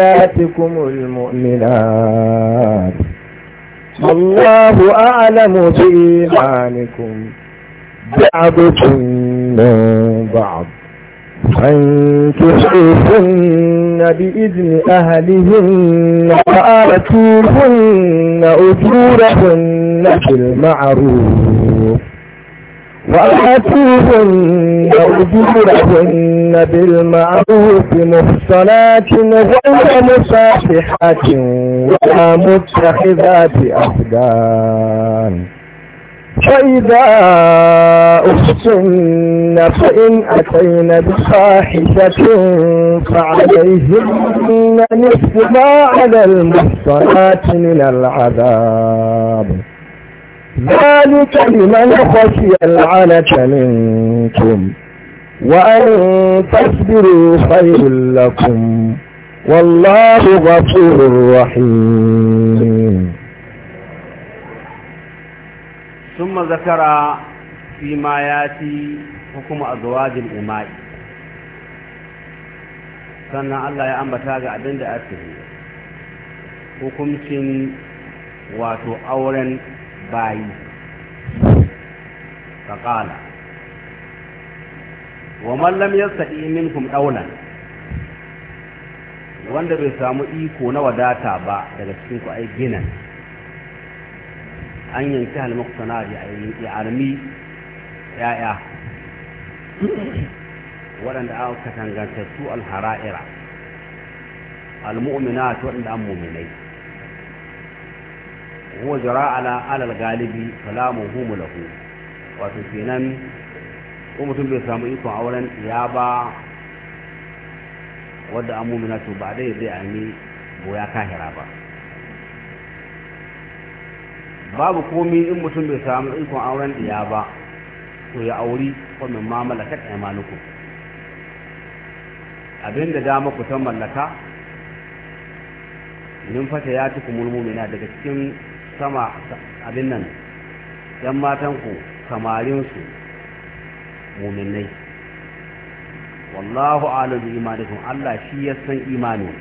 ذاتكم المؤمنات الله أعلم بإيمانكم بعضكم من بعض فانكحوهن بإذن أهلهن وآتوهن أجورهن بالمعروف وآتوهن أجورهن بالمعروف محصنات غير مصافحات ولا متخذات أخدان فإذا أحسن فإن أتينا بفاحشة فعليهن نصف ما على المحصنات من العذاب ذلك لمن خشي العنة منكم وأن تصبروا خير لكم والله غفور رحيم ثم ذكر فيما ياتي حكم أزواج الإماء سنة الله ya ambata ga abin حكم ake hukuncin wato bayi faƙala wa mallam ya saɗi minkum ɗaunan wanda bai samu iko na wadata ba daga cikin ku ai ginan an yanki halmakusana da ya almi ya'ya waɗanda aka katangantattu alhara'ira al-mu'minat waɗanda an muminai huwa jara ala alal galibi salamun humu lahu wato kenan ko mutum bai samu ikon auren ya ba wadda an mumina to ba dai zai ami boya kahira ba babu komi in mutum bai samu ikon auren ya ba to ya auri kwamin ma malakat a maluku abin da dama ku san mallaka numfata ya ci kumul mumina daga cikin sama abin nan yan matanku samarinsu muminai wallahu alam bi Allah shi ya san imanin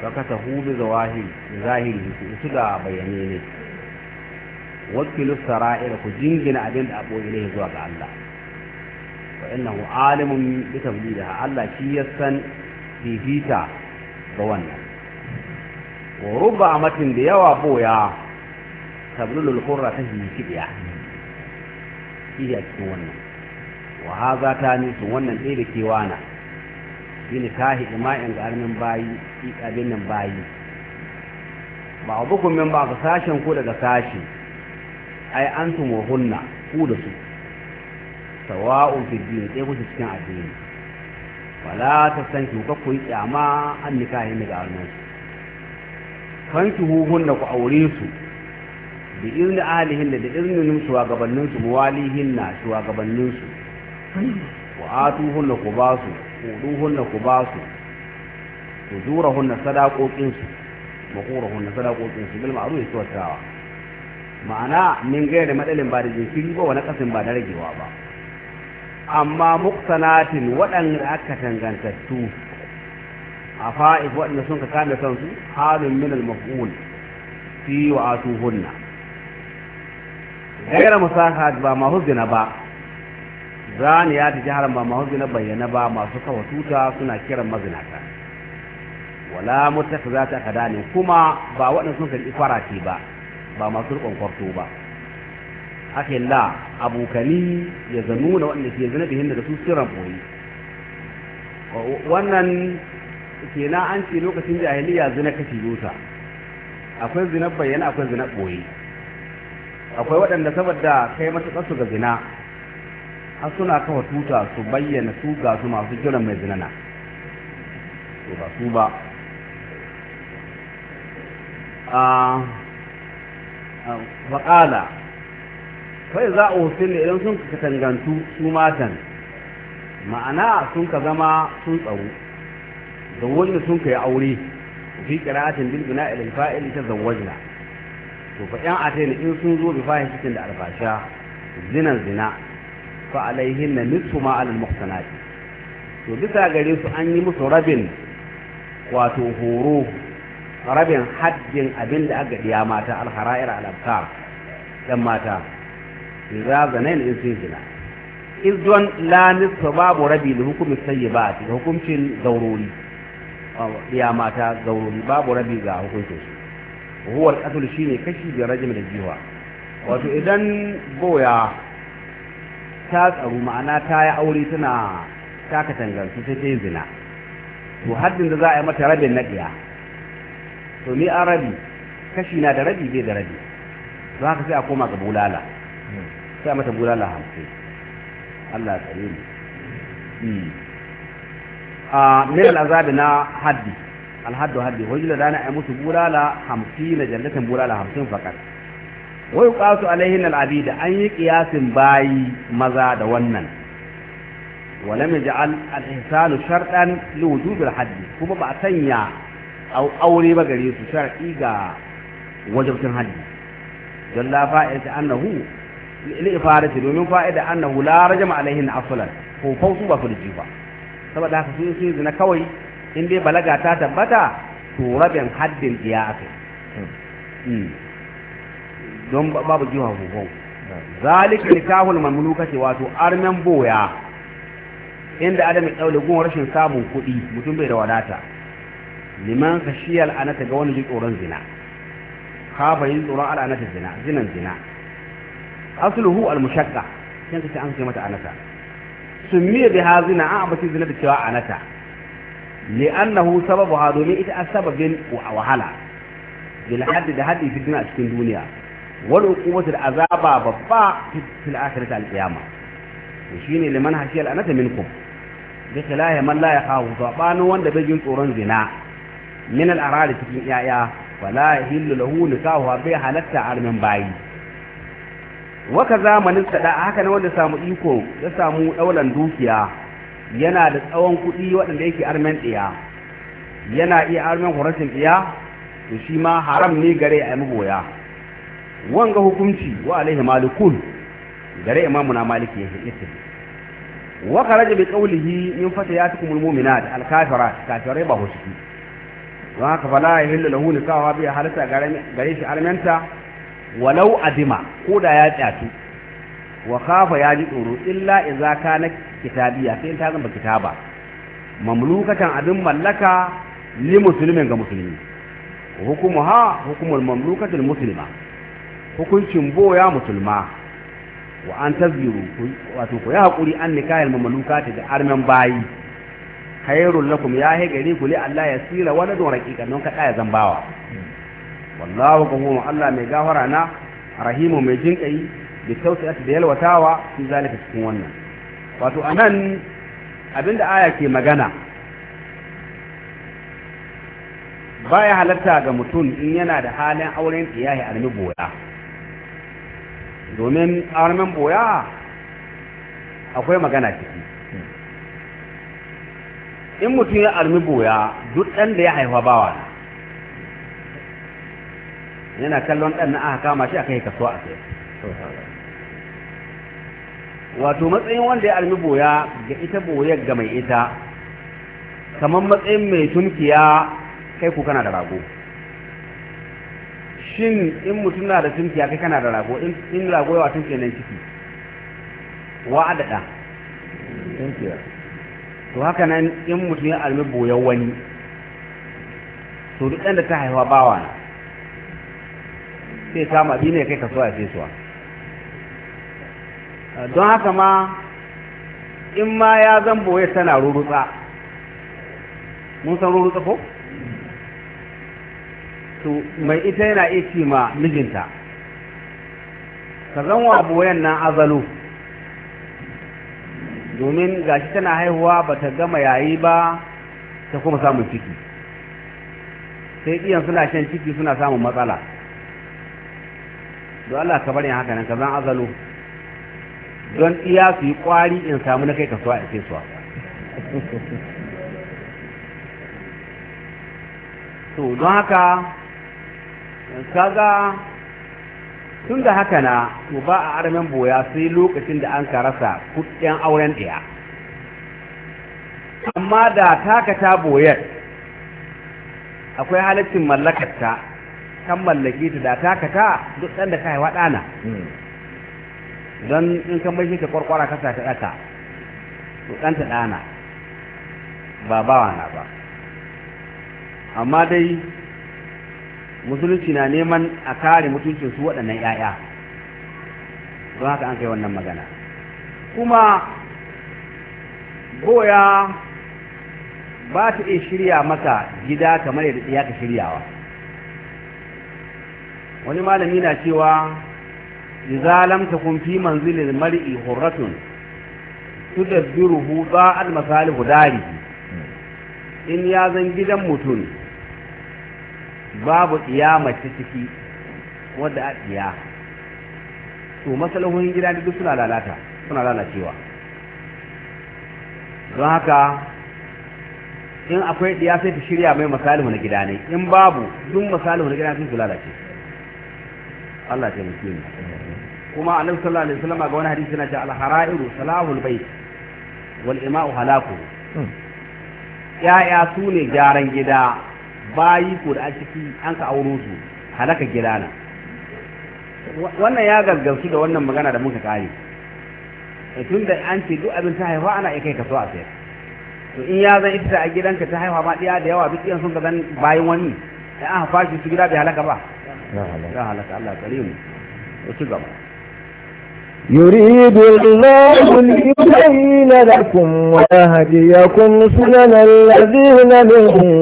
fa ta hudu zahiri su ga bayane ne wakilu sara'ir ku jingina abin da abo zuwa ga Allah wa innahu alimun bi tabdidaha Allah shi ya san bibita ga wannan wa matin da yawa boya tablulul hurra ta hiki biya shi a cikin wannan wa haza ta nisu wannan ɗaya da ke wana shine ta hiki ma'in ga armin bayi abin nan bayi ba a bukumin ba ga sashen ku daga sashi ai an tun hunna ku da su sawa'un fi din ɗaya kusa cikin addini wala ta san ki ku yi kyama an ni ga arminsu da ku aure su bi izni alihin da iznin shugabannin su muwalihinna shugabannin su wa hunna ku ba su hunna ku ba su hunna sadaqoqin su hunna sadaqoqin su bil ma'ruf wa ma'ana min da madalin ba da jinkiri ba wani kasin ba da ragewa ba amma muktanatin waɗanda aka tangantattu a fa'if waɗanda sun ka su, kansu halin min al-maf'ul fi wa atuhunna gaira musaka ba masu zina ba ya ta jihar ba masu zina bayyana ba masu kawo tuta suna kiran mazinata wala mutaka za ta kadanin kuma ba waɗanda sun karɓi farati ba ba masu rikon kwarto ba akin la abokani ya zanuna waɗanda ke zina da da su siran wannan kenan an ce lokacin jahiliya zina kashi yusa akwai zina bayyana akwai zina boye akwai waɗanda saboda kai matuƙar su ga zina har suna kafa tuta su bayyana su ga su masu jiran mai zinana to ba su ba a faƙala kai za a hussein idan sun katangantu su matan ma'ana sun ka zama sun tsaro zawajna sun kai aure fi qira'atin bil bina ila fa'il tazawwajna to fa yan atayna in sun zo bi fahishatin da alfasha zinan zina fa alaihinna nisfu ma to bisa gare su an yi musu rabin wato horo rabin haddin abin da aka diya mata alhara'ir alabkar ɗan mata idza zanain in sun zina izdon la babu rabi da hukumin sayyibat da hukuncin zaurori ya mata gaurori babu rabi ga hukuncin su huwar katul shine kashi da rajim da jiwa wato idan boya ta tsaru ma'ana ta yi aure tana ta katangarsu sai ta yi zina to haddin da za a yi mata rabin na ɗiya to ni an rabi kashi na da rabi bai da rabi za haka sai a koma ga bulala sai a mata bulala hamsin Allah ya tsare ni min al'azabi na haddi alhaddu haddi hujjila dana ay musu bulala 50 jannatin bulala 50 fakat wa yuqasu alaihin al'abida an yi qiyasin bayi maza da wannan ولم يجعل ba شرطا لوجوب الحد كما بعتنيا أو أولي بقري شرط إيجا وجبة الحد جل فائدة أنه لإفادة ومن annahu أنه لا رجم عليهن ko هو فوصوا في الجيفة saboda haka sun sun zina kawai in dai balaga ta tabbata to rabin haddin diya aka hmm. don babu jiwa hukun ne kahul mamluka ce wato armen boya inda adam ya daule gun rashin samun kuɗi mutum bai da wadata liman khashiyal anata ga wani tsoron zina kafa yin tsoron al'anata zina zinan zina asluhu al-mushaqqa sai ka an sai mata anata sumiyya da hazina an ambaci zina da cewa anata li annahu sababu ha domin ita a sababin wahala bil haddi da haddi fi a cikin duniya wal uqubatu da azaba babba fil akhirati al qiyama to shine liman hashi al anata minkum bi khilahi man la yakhawu zabanu wanda bai jin tsoron zina min al arali cikin iyaya wala yahillu lahu nikahu bi halatta al min bayi waka zamanin sada haka na wanda samu iko ya samu daulan dukiya yana da tsawon kuɗi waɗanda yake armen ɗaya. yana iya armen horashin diya to shi ma haram ne gare a mugoya wanga hukunci wa alaihi malikul gare imamu na maliki yake yake wa kharaja bi qawlihi min fatayatikum almu'minat alkafirat kafirai ba husiki wa haka fala yahillu lahu nikaha bi halata gare shi armenta walau adima ko da ya tsatu wa khafa ya ji tsoro illa idza kana kitabiya sai ta zama kitaba mamlukatan abin mallaka li musulmin ga musulmi hukumu ha hukumul mamlukatil muslima hukuncin boya musulma wa an tazbiru wato ku ya hakuri an nikahil mamlukati da armen bayi khairul lakum ya he gare ku li Allah yasira waladun raqiqan don ka tsaya zambawa wallahu ghafurun Allah mai gafara na rahimu mai jinkai bi tausiyati da yalwatawa fi zalika cikin wannan wato anan abinda aya ke magana baya halatta ga mutum in yana da halin auren iyaye a boya domin auren boya akwai magana ciki in mutum ya almi boya duk ɗan da ya haifa bawa na yana kallon ɗan na aka kama shi aka yi kasuwa a sai wato matsayin wanda ya almi boya ga ita boyar ga mai ita kamar matsayin mai tunkiya kai ku kana da rago shin in mutum na da tunkiya kai kana da rago in rago yawa tunkiya nan ciki wa adada tunkiya to haka nan in mutum ya almi boyar wani to duk ɗan da ta haifa bawa na sai kama ya kai kasuwa ya fesuwa don haka ma in ma ya zan boye tana rurutsa mun san rurutsa ko? to mai ita yana iya ma mijinta ka zan wa boyen nan azalu domin gashi tana haihuwa ba ta gama yayi ba ta kuma samun ciki sai iyan suna shan ciki suna samun matsala don Allah ka bari haka nan ka zan azalo don iya su yi kwari in samu na kai kasuwa in sai suwa to don haka kaga tun da haka na to ba a armen boya sai lokacin da an karasa kudin auren ɗaya amma da takata boyar akwai halittin mallakarta kan mallaki ta da taka ta duk ɗan da ka haifa ɗana hmm. don in kan mai shi ta kwarkwara kasa ta ɗaka to ɗanta ɗana ba bawa na ba amma dai musulunci na neman a kare mutuncin su waɗannan 'ya'ya don haka an kai wannan magana kuma goya ba ta iya shirya masa gida kamar yadda ya ka shiryawa wani malami na cewa idza lam takun fi manzili mar'i hurratun tudabbiruhu al masalihu hudari in ya zan gidan mutum babu ta ciki wadda a tsiya to masalahohin gida duk suna lalata suna lalacewa don haka in akwai ɗiya sai ta shirya mai masalihu na gida ne in babu duk masalihu na gida sun su lalace Allah ta muke ni kuma annabi sallallahu alaihi wasallam ga wani hadisi na ce al-hara'iru salahul bait wal ima'u halaku hmm. ya'ya su ne gyaran gida bayi ko da ciki an ka auro su halaka gida na wannan ya gaggauci da wannan magana da muka kare eh, tun da an ce duk abin ta haifa ana iya kai kaso a sayar to in ya zan ita a gidanka ta haifa ma ɗiya da yawa duk iyan sun ga zan bayan wani da an haifa shi su gida bai halaka ba ya halaka Allah kare mu ci gaba يريد الله ليبين لكم ويهديكم سنن الذين من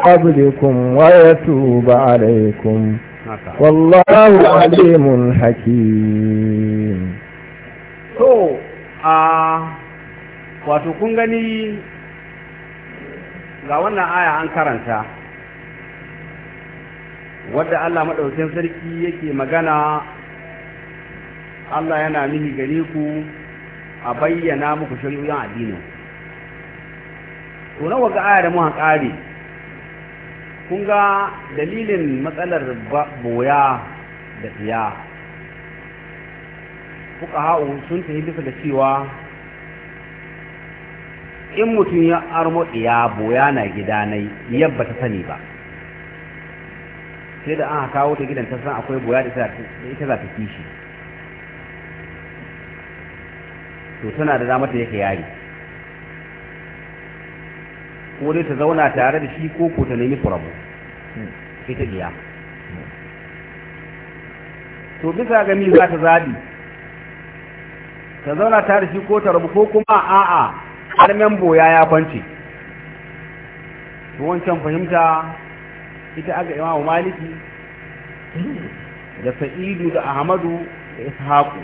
قبلكم ويتوب عليكم والله عليم حكيم to a wato kun gani ga wannan aya an karanta wadda Allah maɗaukin sarki yake magana Allah yana mini gare ku a bayyana muku shari'o'in addini. tunan waga aya da muka kare, kun ga dalilin matsalar boya da tiya kuka ha'u sun tafi bisa da cewa in mutum ya armo tsiya boya na gida gidanai yabba ta sani ba sai da an kawo ta gidan ta akwai boya da ita za ta kishi to tana da dama ta yake yari ko dai ta zauna tare da shi ko ko ta nemi furabu ita biya to bisa ga mi za ta zabi ta zauna tare da shi ko ta rabu ko kuma a'a har boya ya kwance to wancan fahimta ita aga imam maliki da sa'idu da ahmadu da ishaku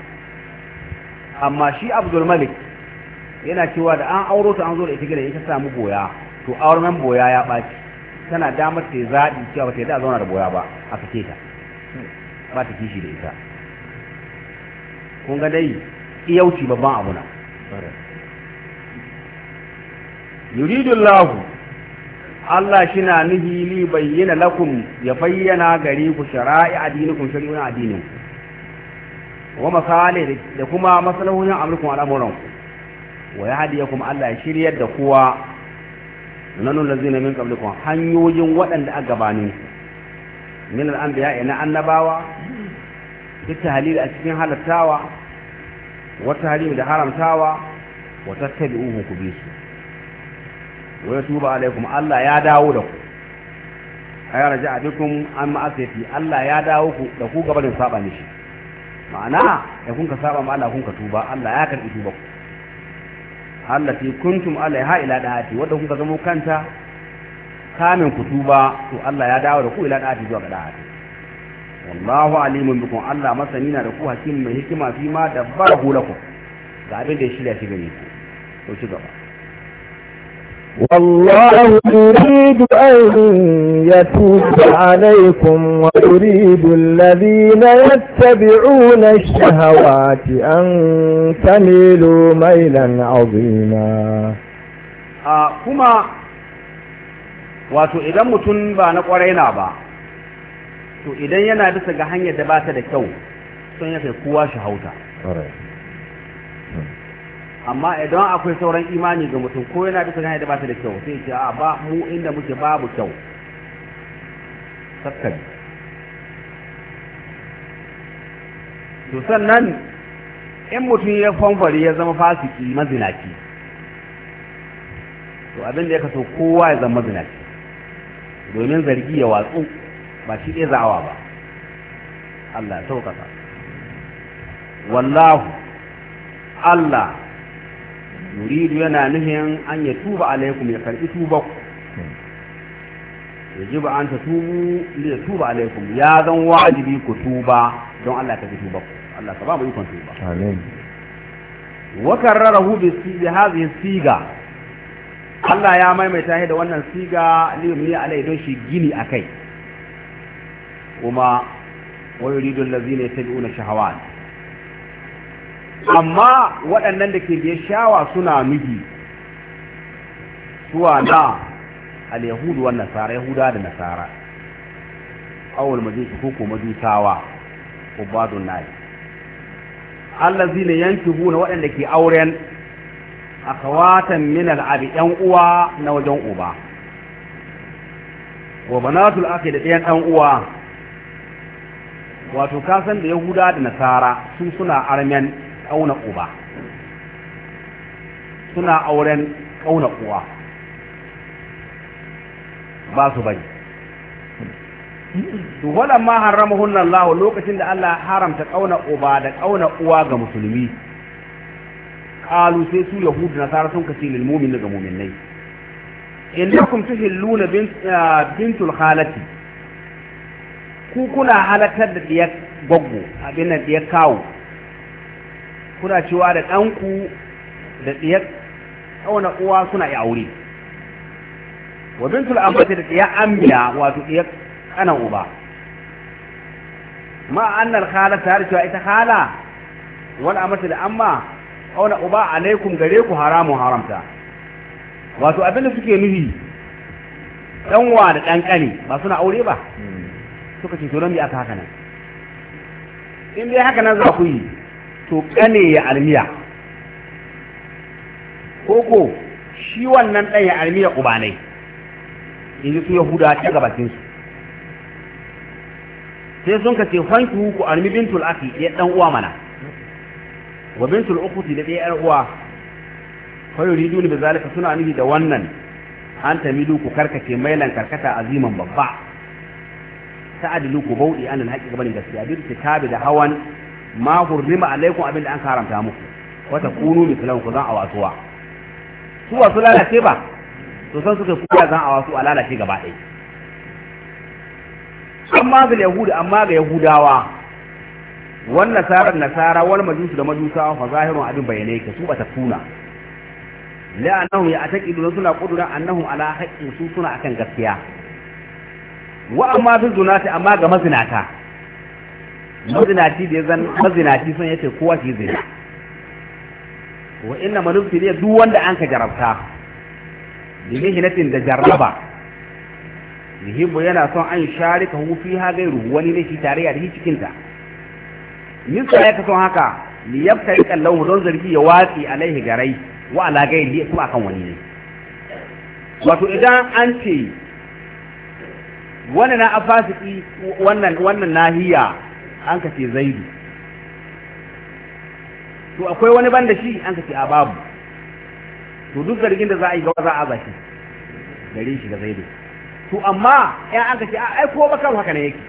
amma shi abdul malik yana cewa da an auro ta an zo da ita gidan ita samu boya to auren boya ya baci tana damar ta zaɓi cewa ba ta yi da zauna da boya ba a sake ta ba ta kishi da ita kun ga dai iyauci babban abu na yuridu Allah shi na nuhi li bayyana lakum ya bayyana gare ku shara'i adinikum shari'un adinin wa masale da kuma masalahohin amurkun al'amuran wa ya kuma Allah ya shiryar da kowa nanun lazina min qablikum hanyoyin waɗanda a gabanin min al'anbiya ina annabawa ta halil a cikin halattawa wata halil da haramtawa wa tattabi'uhu kubisu wa yatuba alaikum Allah ya dawo da ku ay raja'a bikum an ma'asiyati Allah ya dawo ku da ku gabanin saba mishi ma'ana da kun ka saba ma Allah kun ka tuba Allah ya karbi tuba ku allati kuntum alaiha ila da'ati wanda kun ka zamo kanta kamin ku tuba to Allah ya dawo da ku ila da'ati zuwa ga da'ati wallahu alimun bikum Allah masani na da ku hakim mai hikima fi ma dabbarahu lakum ga abin da ya shirya shi gare ku to ci gaba والله يريد أن يتوب عليكم ويريد الذين يتبعون الشهوات أن تميلوا ميلا عظيما آه كما wato idan mutum ba na kwarai ba to idan yana dasa ga hanyar da ba ta da kyau sun ya kai kowa shahauta. amma idan akwai sauran imani ga mutum ko yana bisa hanyar da ba ta da kyau sai ce a ba mu inda muke babu kyau sakkari to sannan in mutum ya fanfari ya zama fasiki mazinaci to abin da ya kaso kowa ya zama mazinaci domin zargi ya watsu ba shi ɗaya za'awa ba Allah ya sauƙaƙa wallahu Allah yuridu yana nuhin an ya tuba alaikum ya karbi tuba ku ba an ta tubu ya tuba alaikum ya zan wajibi ku tuba don Allah ka fi tuba ku Allah ka ba mu ikon tuba amin wa karrarahu bi hadhihi siga Allah ya maimaita shi da wannan siga li alai don shi gini akai kuma wa yuridu allazina yattabi'una shahawat amma waɗannan da ke biye shawa suna nufi suwa na al-yahudu wa nasara yahuda da nasara awal tawa ko ko majusawa ubadun ne yanki huna waɗanda ke auren akhawatan min al-abi yan uwa na wajen uba wa banatul akhi da ɗayan ɗan uwa wato kasan da yahuda da nasara su suna armen kauna uba suna auren kauna uwa ba su bai. to ma harramahunna Allah lokacin da Allah haramta kauna uba da kauna uwa ga musulmi qalu sai su yahudu na sarasun kace lil mu'minin ga mu'minai innakum tuhilluna bint ah, bintul khalati ku kuna halatar da diyar gwaggo abin da diyar kawo kuna cewa da ɗanku da ɗiyar ƙauna uwa suna iya aure wa bintul ambata da ɗiyar ambiya wato ɗiyar ƙanan uba ma annal khala ta cewa ita khala wani amata da amma ƙauna uba alaikum gare ku haramun haramta wato abinda suke nuhi ɗanwa da ɗan ƙani ba suna aure ba hmm. suka ce to don bi aka haka nan in dai haka nan za ku yi to kane ya almiya koko shi wannan ɗan ya almiya ubanai in ji su yahuda ta gabatin su sai sun kace fanki ku armi bintul aki ya ɗan uwa mana wa bintul ukhti da ɗaya yar uwa fa yuridu bi zalika suna nufi da wannan an tamilu ku karkace mailan karkata aziman babba ta ta'adilu ku bauɗi an alhaqi gaban gaskiya bil kitabi da hawan ma hurrima alaikum abin da an karanta muku wata kunu mislan ku zan a wa. su wasu lalace ba to san suka kuya zan a wasu a lalace gaba ɗaya amma ga yahudi amma ga yahudawa wannan nasarar nasara wal majusu da majusawa fa zahirun abin bayyane yake su bata kuna la'annahum ya'taqidu suna qudura annahum ala haqqin su suna akan gaskiya wa amma fi zunati amma ga mazinata mazinaci da ya zan mazinaci sun yace kowa shi zina wa inna manufi ne duk wanda an ka jarabta bi mihnatin da jarraba yuhibbu yana son an sharika hu fi ha gairu wani ne shi tare da shi cikin ta nisa ya kason haka li yabtari kallahu don zargi ya watsi alaihi garai wa ala gairi kuma akan wani ne wato idan an ce wannan na afasiki wannan wannan nahiya an ka ce zaidu to akwai wani ban da shi an ka ce ababu to duk zargin da za a yi gawa za a zaki gare shi ga zaidu to amma ya an ka ce a ko bakar haka ne yake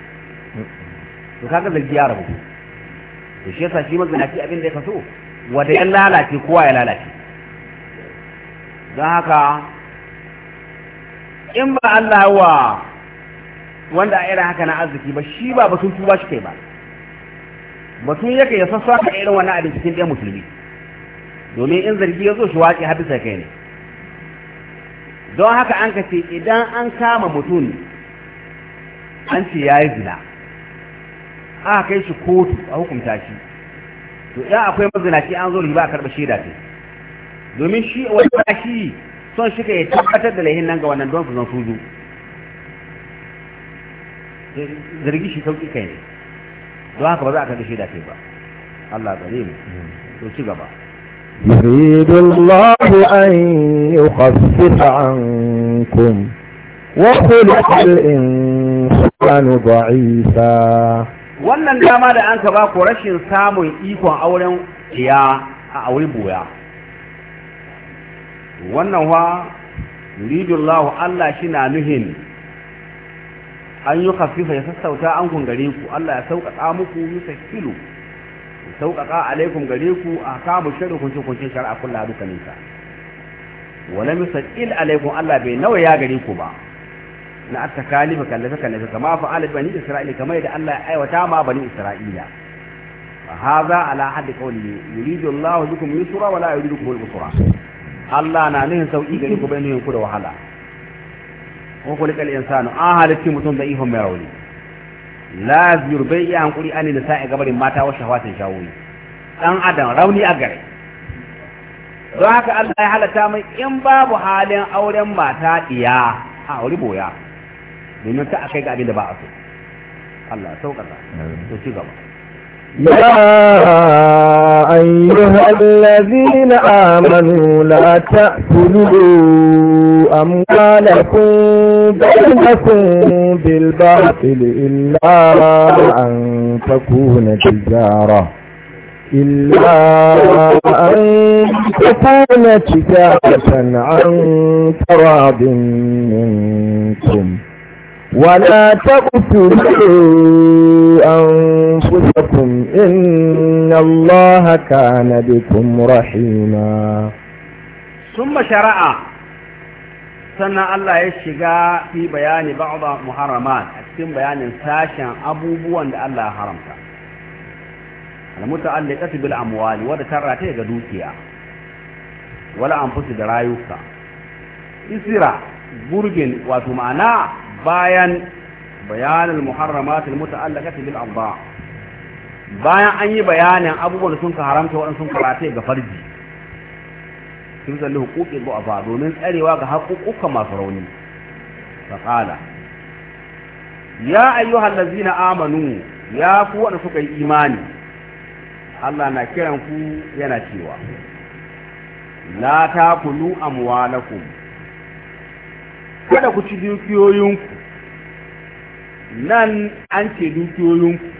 to kaga zargi ya rabu to shi yasa shi ce abin da ya kaso wanda ya lalace kowa ya lalace don haka in ba Allah wa wanda a irin haka na arziki ba shi ba ba sun tuba shi kai ba Mutum yake ya sassa ka irin wani abin cikin ɗan musulmi domin in zargi ya zo shi waƙi hadisa kai ne don haka an ka ce idan an kama mutum an ce ya yi zina aka kai shi kotu a hukunta shi to idan akwai mazinaci an zo ba a karɓa shaida ce domin shi wani shi son shi ka yi tabbatar da laihin nan ga wannan don su zan su zo zargi shi sauƙi kai ne don haka ba za a kan shaida kai ba Allah gare mu to ci gaba يريد الله أن يخفف عنكم وخلق الإنسان ضعيفا wannan dama da an ka ba rashin samun ikon auren iya a auren boya wannan wa yuridullahu Allah shi na nuhin an yi kafifa ya sassauta an kun gare ku Allah ya sauƙaƙa muku ya sauƙaƙa alaikum gare ku a kamu shirin kunce kunce shari'a kullu duka Wani wala il alaikum Allah bai nawa ya gare ku ba na at-takalifa kallafa kallafa kama fa'ala bani isra'ila kama yadda Allah ya aiwata ma bani isra'ila hadha ala haddi qawli yuridu Allahu bikum yusra wa la yuridu bikum al-usra Allah na nihin sauki gare ku bai nihin ku da wahala ko kulikal insanu an halitti mutum da ihon mai rauni la yurbai iya hankuri an da sa'i gabarin mata wa shahwatin shawoyi dan adam rauni a gare don haka Allah ya halatta mai in babu halin auren mata diya a auri boya domin ta akai ga abin da ba a so Allah sauƙaƙa to ci gaba يا أيها الذين آمنوا لا تأكلوا أموالكم بينكم بالباطل إلا أن تكون تجارة إلا أن تكون تجارة عن تراب منكم ولا تقتلوا أنفسكم إن الله كان بكم رحيما ثم شرع sannan Allah ya shiga fi bayani ba'da muharraman a cikin bayanin sashen abubuwan da Allah ya haramta al-muta'alliqatu bil amwali wa da tarata ga dukiya wala anfusu da rayuka isira burgin wato ma'ana bayan bayanin muharramat al-muta'alliqatu bil amwali bayan an yi bayanin abubuwan da sun haramta waɗansu sun karate ga farji hifzan li huquqi du'afa domin tsarewa ga haƙuƙukan masu rauni faqala ya ayyuhal ladzina amanu ya ku wanda suka yi imani Allah na kiran ku yana cewa la takulu amwalakum kada ku ci dukiyoyinku nan an ce dukiyoyinku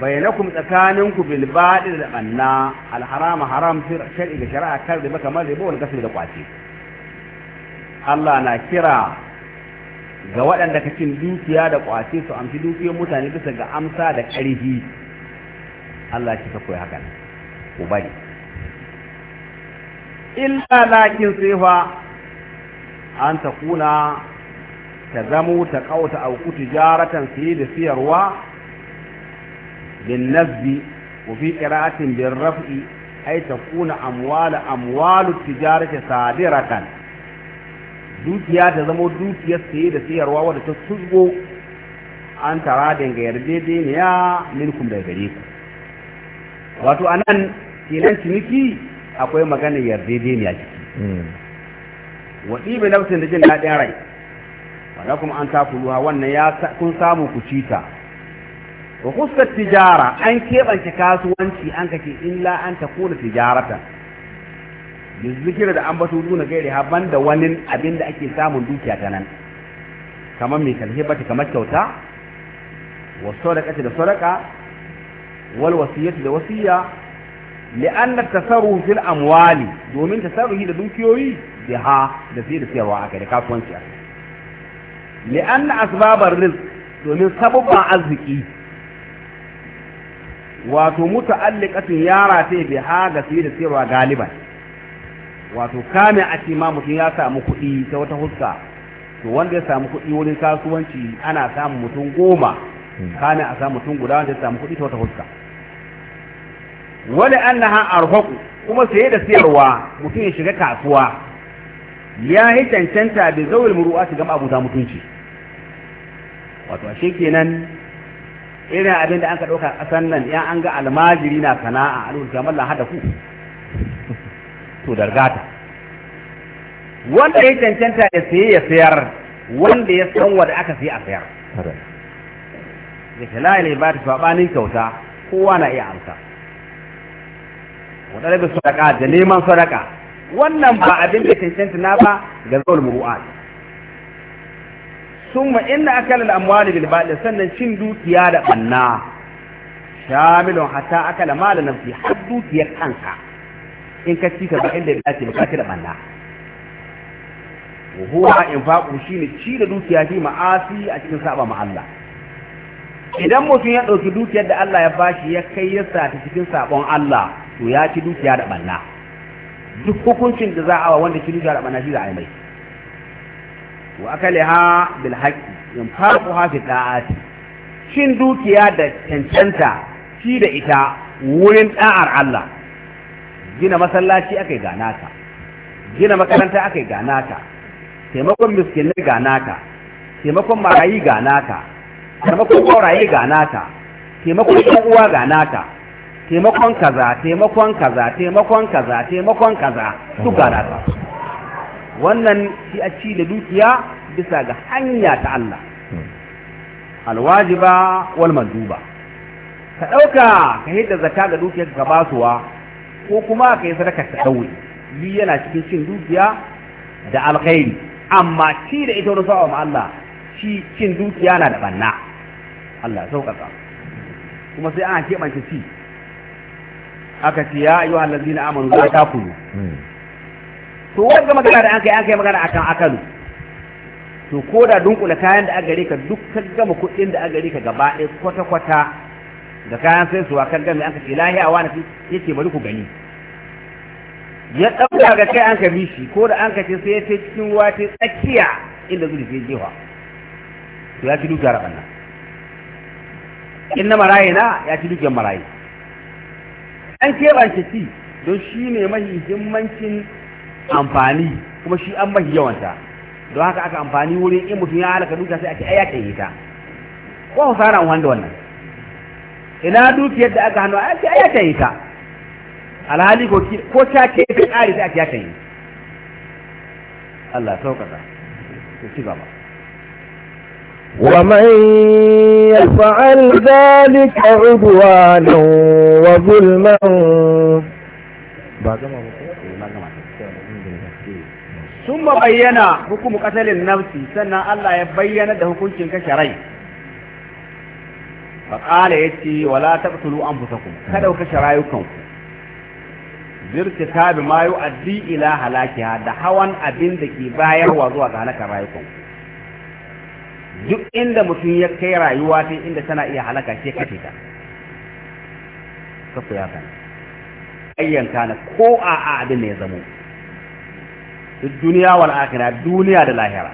Baina bainakum tsakaninku bil baɗi da ɓanna alharama haram shar'i ga shari'a kar da kamar riba wani kasu da kwace Allah na kira ga waɗanda ka cin dukiya da kwace su amshi dukiyar mutane bisa ga amsa da ƙarfi Allah shi ka koyi hakan ku bari illa lakin sifa an ta kuna ta zamo ta kauta auku tijaratan siye da siyarwa بالنسب وفي قراءة بالرفع أي تكون أموال أموال التجارة صادرة dukiya ta zama dukiyar saye da sayarwa wadda ta tuzgo an tara daga yarjejeniya gare ku wato a nan ciniki akwai maganar yarjejeniya ciki waɗi bai nafsin da jin daɗin rai wadda an ta kuluwa wannan ya kun samu ku cita wa kusa tijara an keɓance kasuwanci an kake in la an ta kona tijarata yuzzikira da an ambato nuna gairi ha banda wani abin da ake samun dukiya ta nan kamar mai kalhe bata kamar kyauta wa sadaka da sadaka wal wasiyatu da wasiya li anna tasarru fil amwali domin tasarruhi da dukiyoyi bi ha da sai da sayarwa akai da kasuwanci akai li anna asbabar rizq domin sababan arziki wato muta'alliqatun yara ta yi ha ga yi da cewa galiban wato kame a cima mutum ya samu kuɗi ta wata huska to wanda ya samu kuɗi wurin kasuwanci ana samun mutum goma hmm. kame a samu mutum guda wanda ya samu kuɗi ta wata huska wani an naha arhaku kuma saye da sayarwa mutum ya shiga kasuwa ya yi cancanta da zaure muru'a shiga abuta mutunci wato ashe kenan irin abin da an ka ɗauka ƙasan nan ya an ga almajiri na sana'a a rubuta mallan hada ku to dargata wanda ya cancanta ya saye ya sayar wanda ya san wanda aka sayi a sayar da shalayil ba ta sabanin kyauta kowa na iya amsa wadanda sadaka da neman sadaka wannan ba abin da cancanta na ba ga zaul muru'a summa inna akala al-amwali bil batil sannan cin dukiya da banna shamilun hatta akala malan nafsi har dukiyar kanka in ka ci ta ba inda ya ce baka da banna wa huwa infaqu shine ci da dukiya fi ma'asi a cikin saba ma Allah idan mutum ya dauki dukiyar da Allah ya bashi ya kai ya sa cikin sabon Allah to ya ci dukiya da banna duk hukuncin da za a wa wanda ci dukiya da banna shi za a yi mai wa akaliha bil haqqi yanfaquha fi da'ati shin dukiya da cancanta shi da ita wurin ɗa'ar Allah gina masallaci akai gana ta gina makaranta akai gana ta taimakon miskinai gana ta taimakon marayi gana ta taimakon koraye gana ta taimakon ɗan uwa gana ta taimakon kaza taimakon kaza taimakon kaza taimakon kaza su gana wannan shi a ci da dukiya bisa ga hanya ta Allah alwajiba wal manduba ka ɗauka ka hidda zakka ga dukiyar ka basuwa ko kuma ka yi sadaka ta ɗaure li yana cikin cin dukiya da alkhairi amma ci da ita wani sa'a ma Allah shi cin dukiya na da banna Allah sauƙaƙa kuma sai an keɓance ci aka ce ya ayyuhal ladzina amanu la takulu hmm. to wanda magana da an kai an kai magana akan akalu to ko da dunkula kayan da agare ka duk ka gama kuɗin da agare ka gaba ɗaya kwata kwata da kayan sai suwa kan gami an ka ce lahiya wa nafi yake bari ku gani ya ɗauka ga kai an ka bi shi ko da an ka ce sai ya ce cikin wata tsakiya inda zuri zai jewa to ya ci duk gara nan in na maraye na ya ci duk yan maraye an keɓance ci don shi ne mahi himmancin amfani kuma shi an mahi yawanta don haka aka amfani wurin in mutum ya halaka duka sai a ce yi ya ta ko fara na wanda wannan ina dukiyar da aka hannu a ce ai ya ta alhali ko ko ta ce ta kare sai a ce yi Allah saukata ku ci gaba ومن يفعل ذلك عدوانا وظلما بعد ما sun ma bayyana hukumu katalin nafsi sannan Allah ya bayyana da hukuncin kashe rai faƙala ya ce wala taqtulu anfusakum kada ku kashe rayukanku birtikabi ma yu'addi ila halakiha da hawan abin da ke bayarwa zuwa ga rayukanku duk inda mutum ya kai rayuwa ta inda tana iya halaka ce kace ta kafu ya kana ayyanka na ko a'a abin ya zamo الدنيا duniya دنيا للآخرة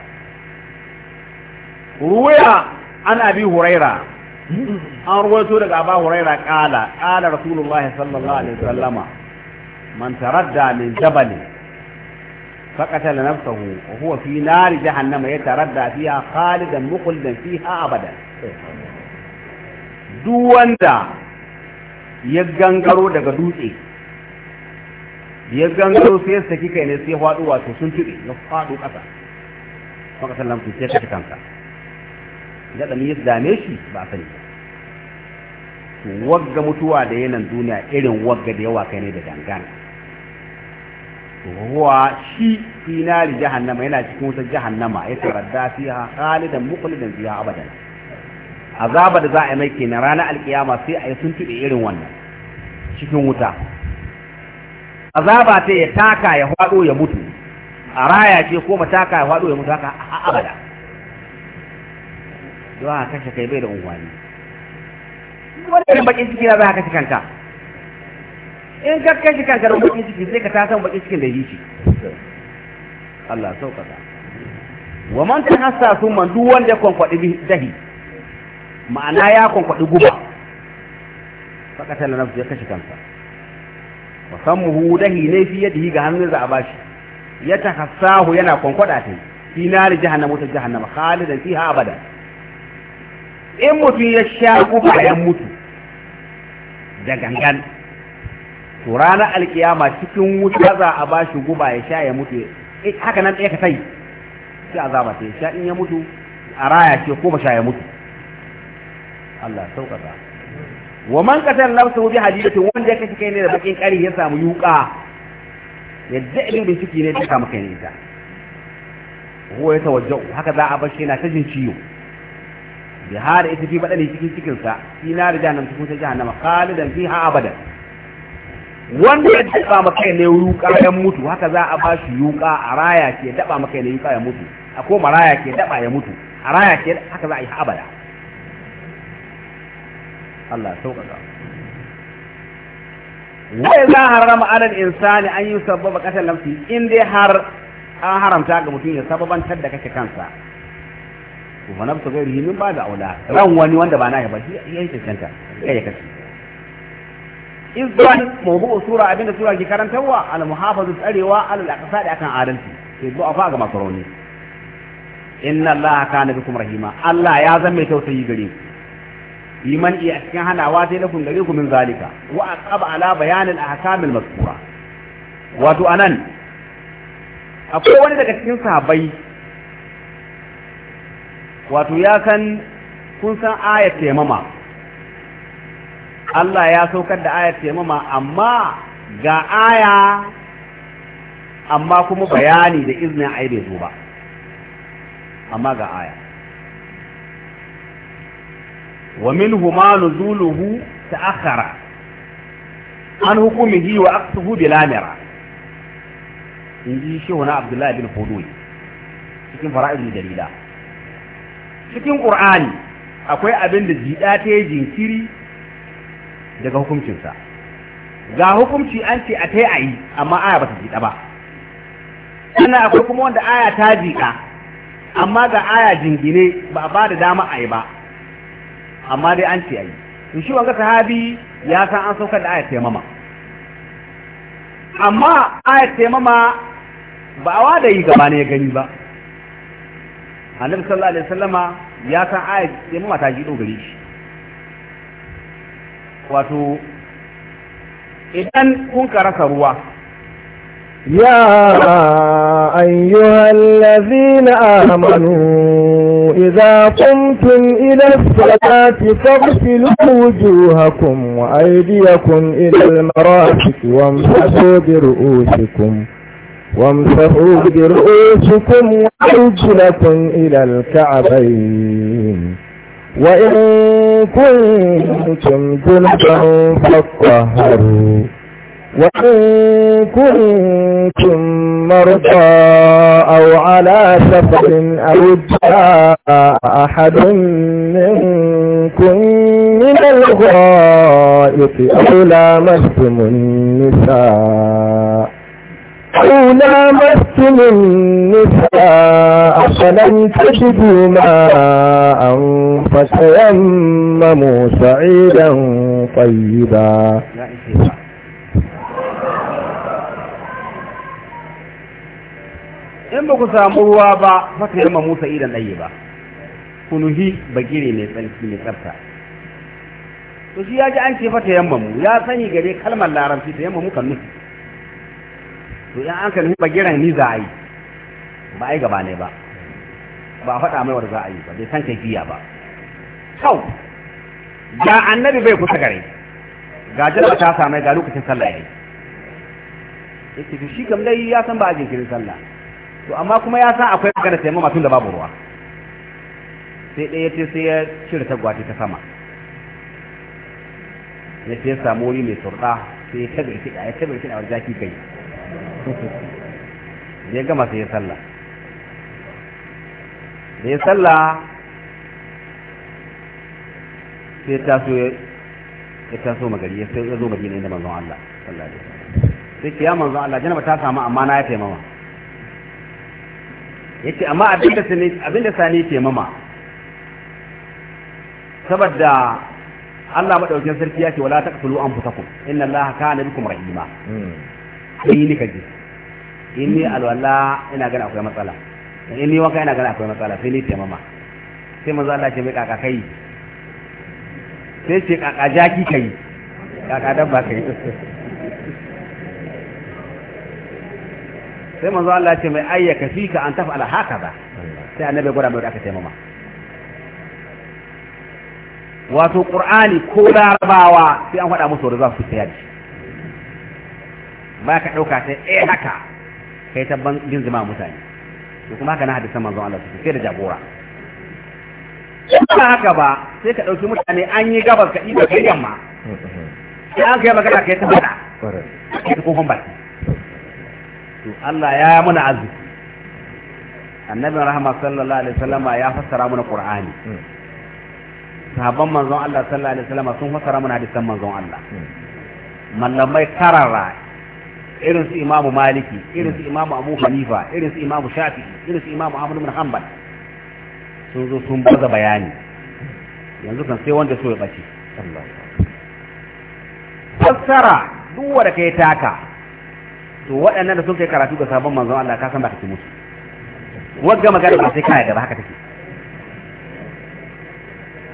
رويا عن أبي هريرة an ruwaito daga Aba Huraira kala kala Rasulullah sallallahu alaihi wasallama man taradda min jabal faqatala nafsahu wa huwa fi nar jahannam yataradda fiha da mukhlidan fiha abada duk wanda ya gangaro daga dutse ya gangaro sai ya saki kai ne sai ya faɗo wato sun tuɗe ya faɗo ƙasa Kuma makasar lamfi sai kashe kanka da ɗan ya dame shi ba a sani ba wagga mutuwa da yanan duniya irin wagga da yawa kai ne da dangana Ruwa shi finari jahannama yana cikin wutar jahannama ya taradda fiha khalidan muqlidan fiha abadan azaba da za a yi mai kenan ranar alkiyama sai a yi sun tuɗe irin wannan cikin wuta azaba ta ya taka ya hwado ya mutu a raya ce ko mataka ya hwado ya mutu haka a abada zuwa a kashe kai bai da unwani wani irin bakin ciki na za a kashe kanta in ka kashe kanta da bakin ciki sai ka san bakin cikin da hici Allah sauƙaƙa wa man ta hassa sun man duk wanda ya kwankwaɗi dahi ma'ana ya kwankwaɗi guba fakatan na nafsu ya kashe kansa wa da dahi ne fi yadda ga hannun za a bashi ya takassahu yana kwankwada ta fi nari jahannama wata jahannama khalidan ha abada in mutum ya sha guba ya mutu da gangan to ranar alkiyama cikin wuta za a bashi guba ya sha ya mutu eh, haka nan ɗaya ka sai sai azaba ta sha in ya mutu a raya ce ko ba sha ya mutu Allah sauƙaƙa wa man qatala nafsuhu bi hadidatin wanda ya kashe kai ne da bakin kari ya samu yuka yadda ilin da suke ne ta kama kai ne ta huwa ya tawajjau haka za a bar shi na ta jin ciwo bi har ita fi badani cikin cikin sa na da nan cikin ta jahannama khalidan fiha abada wanda ya daba maka ne yuka ya mutu haka za a ba shi yuka a raya ke daba maka ne yuka ya mutu a koma raya ke daba ya mutu a raya ke haka za a yi abada Allah ya sauƙaƙa wa idza harama alal insani an yusabbaba qatl nafsi in dai har an haramta ga mutum ya sababantar da kake kansa wa nafsu gairihi min ba da aula ran wani wanda ba na ba ya yi cancanta kai ya kace izban mawdu'u sura abinda sura ke karantarwa al muhafazu tsarewa al aqsadi akan adalci ke du'a fa ga makaroni inna allaha kana bikum rahima allah ya zama mai tausayi gare ku fi man'i a cikin hanawa sai lakum gare ku min zalika wa aqaba ala bayan al mazkura wato anan akwai wani daga cikin sahabbai wato ya kan kun san ayat taimama Allah ya saukar da ayat taimama amma ga aya amma kuma bayani da iznin ai bai zo ba amma ga aya ومنهما نزوله تأخر عن حكمه وأقصه بلا مرة إنجي شيخنا عبد الله بن فضول cikin fara'idul dalila cikin qur'ani akwai abin jida ta yi jinkiri daga hukuncinsa ga hukunci an ce a ta yi a yi amma aya ba ta jida ba sannan akwai kuma wanda aya ta jida amma ga aya jingine ba a ba da dama a yi ba amma dai an ce ayi to shi wanga sahabi ya san an saukar da ayat taimama amma ayat taimama ba a wada yi gaba ne ya gani ba annabi sallallahu alaihi wasallama ya san ayat taimama ta ji dogare shi wato idan kun ka ruwa يا أيها الذين آمنوا إذا قمتم إلى الصلاة فاغسلوا وجوهكم وأيديكم إلى المرافق وامسحوا برؤوسكم وامسحوا برؤوسكم وأرجلكم إلى الكعبين وإن كنتم جنبا فاطهروا وإن كنتم مرضى أو على سفر أو جاء أحد منكم من الغائط أو لامستم النساء أو لامستم النساء فلم تجدوا ماء فتيمموا سعيدا طيبا in ba ku samu ruwa ba fata yamma musa idan ɗaye ba kunuhi bagire mai tsarki mai tsafta to shi ya ji an ce fata yamma mu ya sani gare kalmar laranci ta yamma muka kan nufi to in an kan bagiran ni za a yi ba a yi gaba ne ba ba a faɗa mai wanda za a yi ba bai san kaifiya ba kau ga annabi bai kusa gare ga jalaba ta samai ga lokacin sallah ya yi shi kam dai ya san ba a jinkirin sallah to amma kuma ya san akwai magana sai tun da babu ruwa sai ɗaya ce sai ya cire tagwace ta sama ya ce ya samu wuri mai surɗa sai ya tabi shi ya tabi a wani jaki kai ya gama sai ya sallah da ya sallah sai taso ya taso magari ya zo madina inda manzon Allah sallallahu alaihi wasallam sai kiyama zan Allah janaba ta samu amma na ya taimama yace amma abinda sani abinda sani ke mama saboda Allah madaukakin sarki yake wala taqtulu anfusakum inna Allaha kana bikum rahima sai hmm. ni kaje inni alwala ina gana akwai matsala ni waka ina gana akwai matsala sai ni ke mama sai manzo Allah ce mai kaka kai sai ce kaka jaki kai kaka dabba kai sai manzo Allah ya ce mai ayyaka fika an tafa al'a haka ba, sai annabi gwada mai da aka taimama wato qur'ani ko larabawa sai an faɗa musu da za su tsaya da shi ba ka ɗauka sai eh haka kai tabban jin zama mutane to kuma haka na hadisan manzon Allah su sai da jagora ba haka ba sai ka ɗauki mutane an yi gabas ka ɗiba kai yamma sai an kai magana kai ta faɗa kai ta kuma baki to Allah ya yi mana arziki annabin rahama sallallahu alaihi wasallama ya fassara mana qur'ani hmm. sahabban manzon Allah sallallahu alaihi wasallama sun fassara mana hadisan manzon Allah hmm. mallamai karara irin su imamu maliki irin su imamu abu hanifa irin su imamu shafi irin su imamu ahmad bin hanbal sun zo sun baza bayani yanzu kan sai wanda so ya bace fassara duk wanda kai taka to waɗannan da sun kai karatu ga sabon manzon Allah ka san ba ci musu wagga magana ba sai ka da ba haka take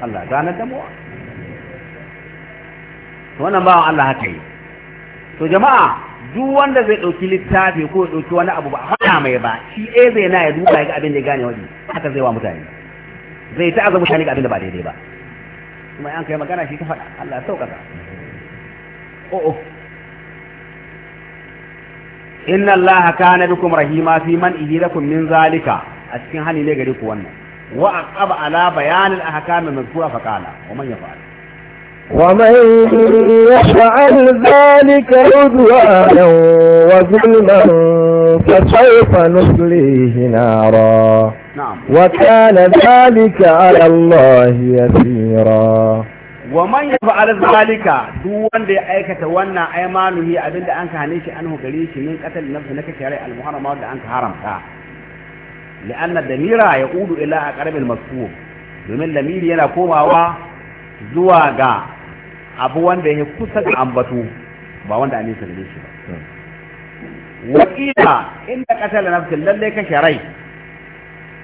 Allah nan da mu to wannan ba Allah haka yi to jama'a duk wanda zai ɗauki littafi ko ɗauki wani abu ba haɗa mai ba shi eh zai na ya duba ga abin da ya gane wani haka zai wa mutane zai ta azabu shani ga abin da ba daidai ba kuma an kai magana shi ta faɗa Allah ya sauƙaƙa o'o oh, oh. إن الله كان بكم رحيما في من إذيركم من ذلك أتكين هاني لي قريكم وانا وأقب على بيان الأحكام المذكورة فقال ومن يفعل ومن يفعل ذلك عدوانا وظلما فسوف نصليه نارا نعم وكان ذلك على الله يسيرا wa man yaf'al zalika duk wanda ya aikata wannan aymanuhi abinda an hane shi anhu gare shi min qatl na naka rai al muharrama da an haramta li'anna damira yaudu ila aqrab al mafhum domin lamiri yana komawa zuwa ga abu wanda ya kusa ga ambatu ba wanda an yi gare shi ba wakila inda qatala nafsi lalle ka rai,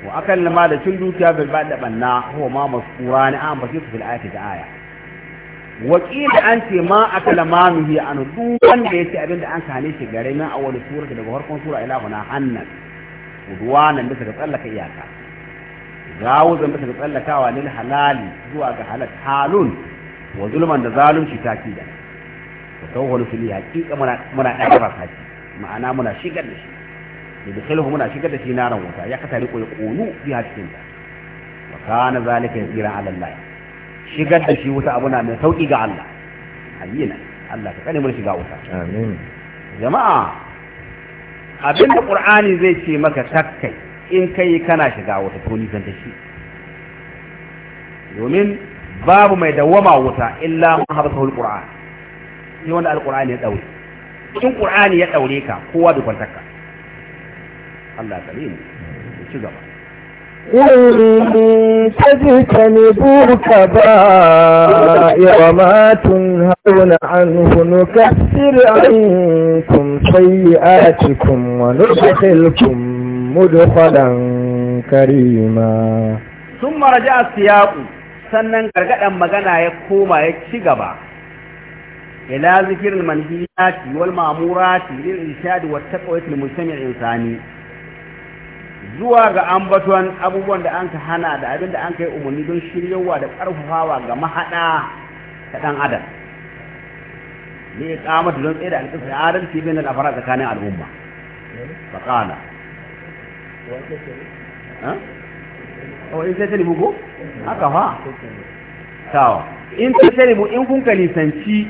wa akal ma da cin dukiya bil ba'da banna huwa ma masqurani an bakitu fil ayati da aya wakil an ce ma aka ma ya an duk wanda ya ce abinda an kane shi gare nan a wani sura daga farkon sura ila huna hannan udwanan da suka tsallaka iyaka gawo zan bisa ga tsallakawa lil halali zuwa ga halal halun wa zulman da zalunci takida to tawhul fil haqiqa muna muna dakara saki ma'ana muna shigar da shi da dakhilahu muna shigar da shi na naran wuta ya kata riko ya kunu fi hakikin ta wa kana zalika yasira ala Allah shigar da shi wuta abu na mai sauki ga Allah ayyina Allah ka kare mu shiga wuta amin jama'a abinda qur'ani zai ce maka takkai in kai kana shiga wuta to zan ta shi domin babu mai dawama wuta illa ma habasa alquran ni wanda alqur'ani ya daure in qur'ani ya daure ka kowa dukan kwantarka. Allah kare mu ci gaba إن تجتنبوا كبائر ما تنهون عنه نكفر عنكم سيئاتكم وندخلكم مدخلا كريما ثم رجع السياق sannan gargaɗan magana ya koma ya ci gaba ila zikirin manhiyati wal ma'murati lil irshad wa taqwa lil mujtami' insani zuwa ga ambaton abubuwan da an ka hana da abin da an ka yi umarni don shiryawa da ƙarfafawa ga mahaɗa ta ɗan adam ne ya da don tsaye da alƙisa adalci bai na lafara tsakanin al'umma ba ƙana o in sai ko haka fa tawa in sai talibu in kun ka nisanci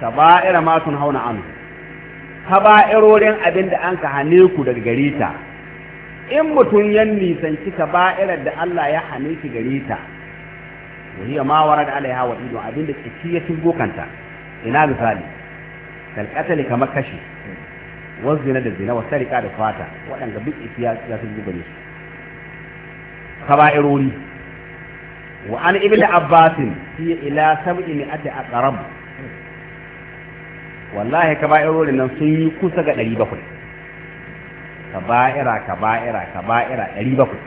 ka ba'ira ma sun hauna an ka ba'irorin abin da an ka hane ku daga gare ta in mutum ya nisanci kaba'irar da Allah ya hane shi gare ta wa hiya ma warada alaiha wa idu abinda kici ya shigo kanta ina misali kal qatl kamar kashi wa zina da zina wa sarika da fata waɗanda duk kici ya ya shigo gare su kaba'irori wa an ibn abbas fi ila sab'i mi'ati aqrab wallahi kaba'irorin nan sun yi kusa ga 700 kaba'ira kaba'ira kaba'ira ɗari bakwai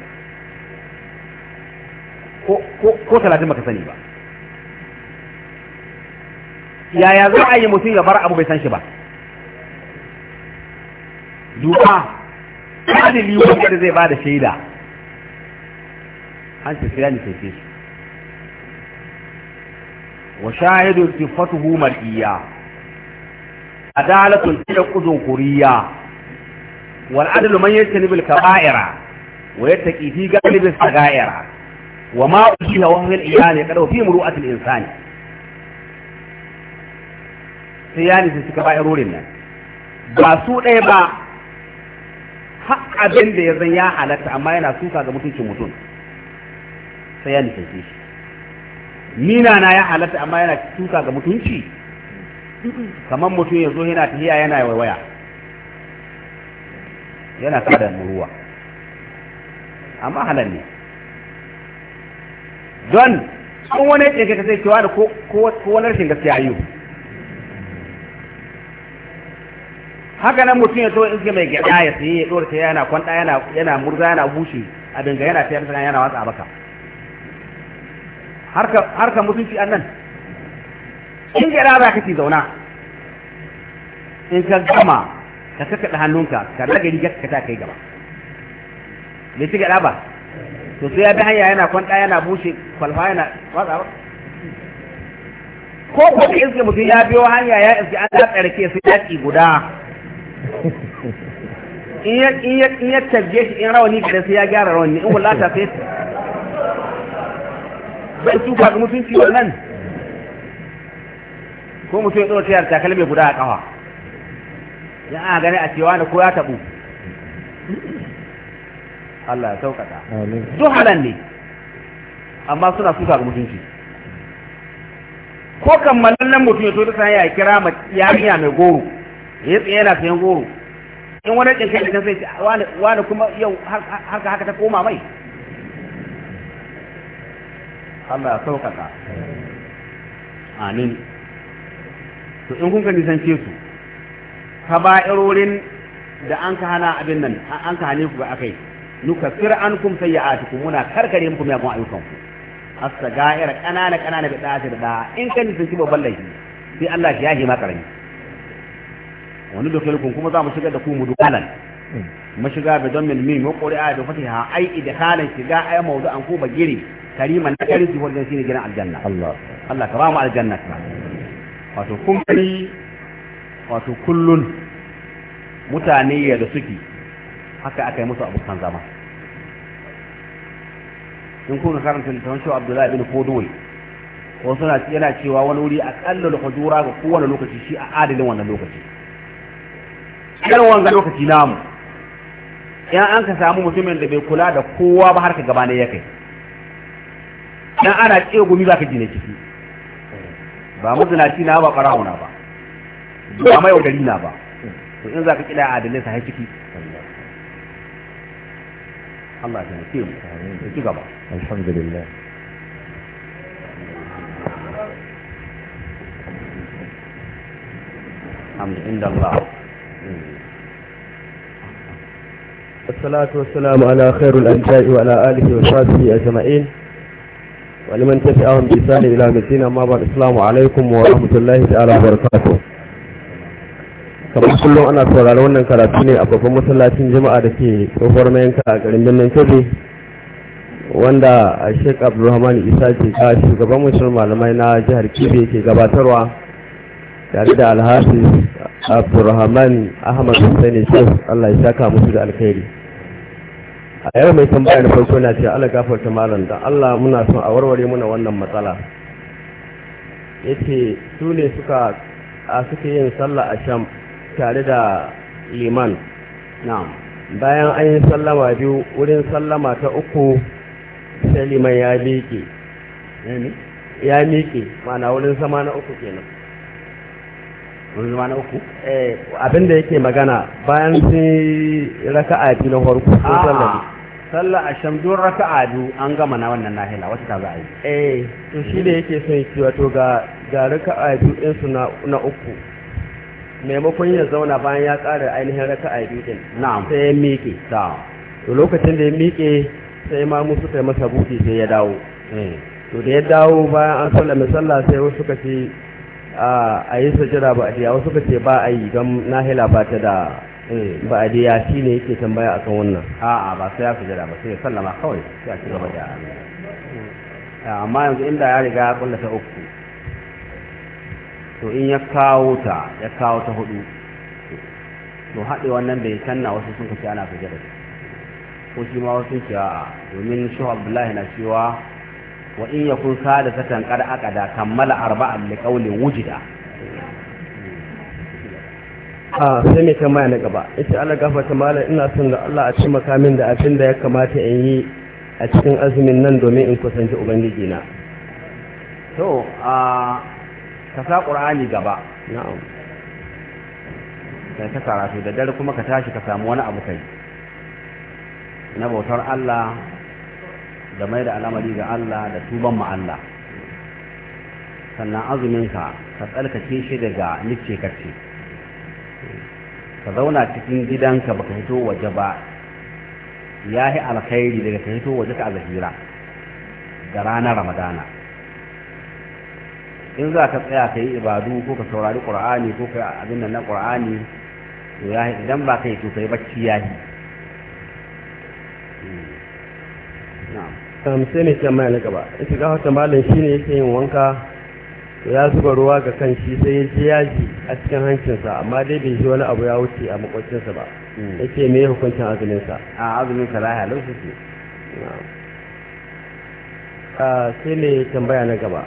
ko talatin baka sani ba yaya za a yi mutum ya bar abu bai san shi ba duba adali wanda zai ba da shaida an ce sai ya nisance su wa shahidun sifatuhu mar'iyya adalatun ila kudun kuriya wal adlu man yajtanibu al kaba'ira wa yattaqi fi ghalib al sagaira wa ma uhiya wa huwa al iyan qadaw fi muru'at al insani sai yani su kaba'irorin nan ba su ɗaya ba har abin da ya zan ya halatta amma yana suka ga mutuncin mutum sai ya nisance shi nina na ya halatta amma yana suka ga mutunci kamar mutum ya zo yana tafiya yana waiwaya yana kada ruwa amma halal ne don an wani ya ka sai cewa da kowane rashin gaskiya yi haka nan mutum ya so in iske mai gyaɗa ya sayi ya ɗora yana kwanta yana murza yana bushe a dinga yana tayar da yana watsa baka harka mutunci an nan in gyaɗa za ka ci zauna in ka gama ka kakkaɗa hannunka ka rage rigar ka ta kai gaba bai ci gaɗa ba to sai ya bi hanya yana kwanta yana bushe kwalfa yana watsa ba ko ko da iske mutum ya biyo hanya ya iske an da sai su yaƙi guda in ya je shi in rawani da sai ya gyara rawani in wallata sai bai su ga mutunci wannan ko mutum ya dora tayar takalmi guda a kafa Yan aka gani a cewa da ko ya tabu Allah ya saukata duk halan ne amma suna suka ga mutunci ko kammalallen mutum ya to ta sanya ya kira yarinya mai goro ya tsaye yana sayan goro in wani ɗin kai da sai wani kuma yau harka haka ta koma mai Allah ya saukata amin to in kun ka nisance su kaba'irorin da an ka hana abin nan an ka hane ku ga akai nukaffir ankum sayyi'atikum muna karkare muku miyagun ayyukanku as-sagaira kanana kanana bi da'ati da da in kan sun ci babban laifi sai Allah ya yahi ma karami wani dokelkun kuma za mu shiga da ku mu dukalan shiga bi don min mim qur'a da fatiha ai idhalan shiga ai mawdu'an ku bagiri kariman da karisi shi ne gidan aljanna Allah Allah ka ba mu aljanna wato kun kai wato kullun mutane ya da suke haka aka yi musu abokan zama in kuka karanta littafin shi Abdullahi bin Fodowai ko suna yana cewa wani wuri a da hujura ga kowane lokaci shi a adalin wannan lokaci kar wanga lokaci namu in an ka samu mutumin da bai kula da kowa ba har ka gaba ne ya kai dan ana tsegumi gumi zaka ji ne ciki ba muzinaci na ba qara'una ba ba mai wadari na ba to in za ka adalai ciki Allah ya mu ci gaba alhamdulillah عند الله الصلاة والسلام على خير الأنبياء وعلى آله وصحبه أجمعين ولمن تبعهم بإحسان إلى مدينة ما السلام عليكم ورحمة الله تعالى وبركاته kamar kullum ana saurara wannan karatu ne a babban masallacin jama'a da ke tsohuwar mayanka a garin birnin kebe wanda a sheik abdulrahman isa ke ka shugaban musulun malamai na jihar kebe ke gabatarwa tare da alhasis abdulrahman ahmad hussaini ce, allah ya saka musu da alkhairi a yau mai tambaya na farko na ce allah gafarta malam da allah muna son a warware muna wannan matsala yace su ne suka a suke yin sallah a sham tare da liman na'am bayan an yi sallama biyu wurin sallama ta uku sai liman ya miƙe ya miƙe mana wurin sama na uku kenan wurin sama na uku eh abinda yake magana bayan sun raka'a biyu na farko sun ah. sallama sallah a shamdun raka'a biyu an gama na wannan nahila wata ta za a yi eh to shi da yake son yi wato ga ga raka'a biyu ɗinsu na uku maimakon ya zauna bayan ya tsara ainihin raka a biyu din sai ya miƙe to lokacin da ya miƙe sai ma musu kai masa buɗi sai ya dawo eh. to da ya dawo bayan an sallah misalla sai wasu suka ce a yi sajira ba adiya wasu suka ce ba a yi don nahila ba ta da eh, ba diya shi ne yake tambaya akan wannan a'a ba sai ya sajira ba sai ya sallama kawai sai a ci gaba da amma yanzu inda ya riga ya kullata uku to in ya kawo ta ya kawo ta hudu to haɗe wannan bai sanna wasu sun kace ana fage da ko shi ma wasu ce a, domin shehu abdullahi na cewa wa in sa sada satan qad aqada kammala arba'a li qawli wujida a sai mai tambaya na gaba ita Allah ta malam ina son da Allah a taimaka min da abin da ya kamata in yi a cikin azumin nan domin in kusanci ubangiji na to a ka sa ƙur'ani gaba na'am kai ta karatu da dare kuma ka tashi ka samu wani abu kai na bautar Allah da mai da al'amari ga Allah da tuban ma Allah sannan azuminka ka tsarkake shi daga nice karce ka zauna cikin gidanka baka hito waje ba ya yi alkhairi daga ka hito waje ka a zahira da ranar ramadana in za ka tsaya ka yi ibadu ko ka saurari ƙur'ani ko ka abin nan na ƙur'ani to ya idan ba kai yi kai bacci ya yi na'am sai ne can mai gaba shiga hoton balin shi shine yake yin wanka to ya zuba ruwa ga kan shi sai ya ji yaji a cikin hancinsa amma dai bai shi wani abu ya wuce a makwancinsa ba mm. yake me hukuncin azuminsa. sa a azumin sa lahiya lokaci ah, sai ne tambaya na gaba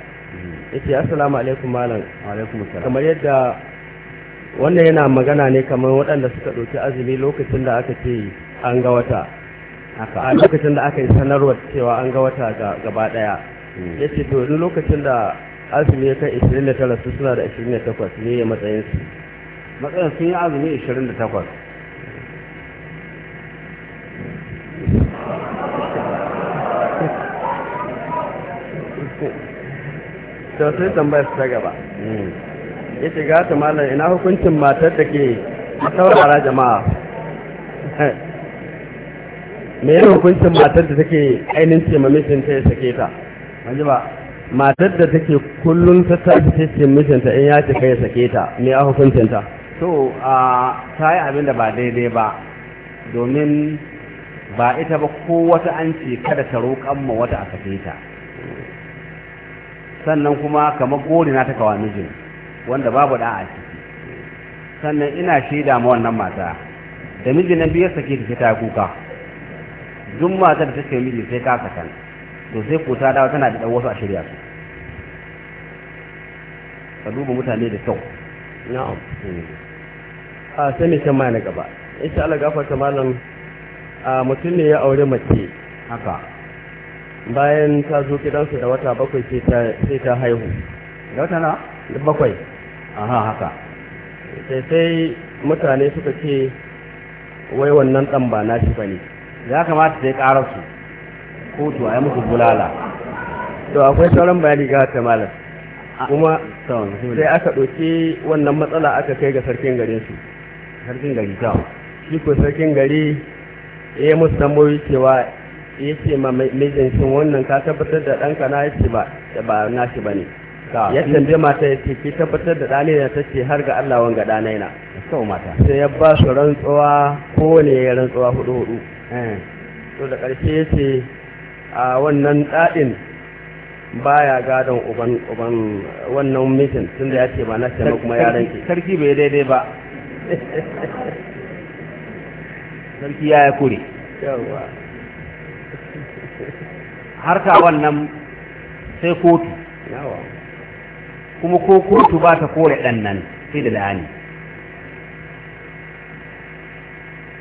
yace assalamu alaikum malam alaikum assalam kamar yadda wannan yana magana ne kamar waɗanda suka ɗauki azumi lokacin da aka ce an ga wata a lokacin da aka yi sanarwa cewa an ga wata gaba ɗaya hmm. ya ce to duk lokacin da azumi ya kai 29 su suna da 28 ne ya matsayinsu matsayin sun yi azumi 28 to sai tambayar ta gaba hmm. ya shiga ta malam ina hukuncin matar da ke saurara jama'a me yana hukuncin matar da take ainihin ce ta ya sake ta wani ba matar da take kullum ta tafi ce ta in ya ce kai ya sake ta me hukuncin ta so a ta yi abin da ba daidai ba domin ba ita ba ko wata an ce kada ta roƙan ma wata a sake ta sannan kuma kamar gori ta takawa mijin wanda babu da a ciki sannan ina shaida ma wannan mata da mijin nan biyar sake da ta kuka duk mata da take miji sai ka kasan to sai ko ta dawo tana da wasu a shirya su ka duba mutane da kyau na'am eh. a sai mai kyan mai na gaba insha Allah gafarta malam mutum ne ya aure mace haka bayan ta zo gidansu da wata bakwai sai ta haihu da wata na bakwai aha haka sai sai mutane suka ce wai wannan ɗan ba na shi bane ya kamata sai ƙara su kotu a yi musu bulala to akwai sauran bayani ga ta malam kuma sai aka ɗauki wannan matsala aka kai ga sarkin garin su sarkin gari ta shi ko sarkin gari ya yi musu tambayoyi cewa ya ce ma mijin shi wannan ka tabbatar da ɗanka na yace ba ba na shi bane ya tambaye mata ya ce ki tabbatar da ɗane na tace har ga Allah wanga ɗana yana sau mata sai ya ba su rantsuwa ko ne ya rantsuwa hudu hudu eh. to da ƙarshe ya ce a wannan ɗaɗin baya gadon uban uban wannan mijin da ya ce ba na shi kuma yaran ki sarki bai daidai ba sarki ya ya kure yawwa harka wannan sai kotu kuma ko kotu ba ta kore ɗan nan sai da la'ani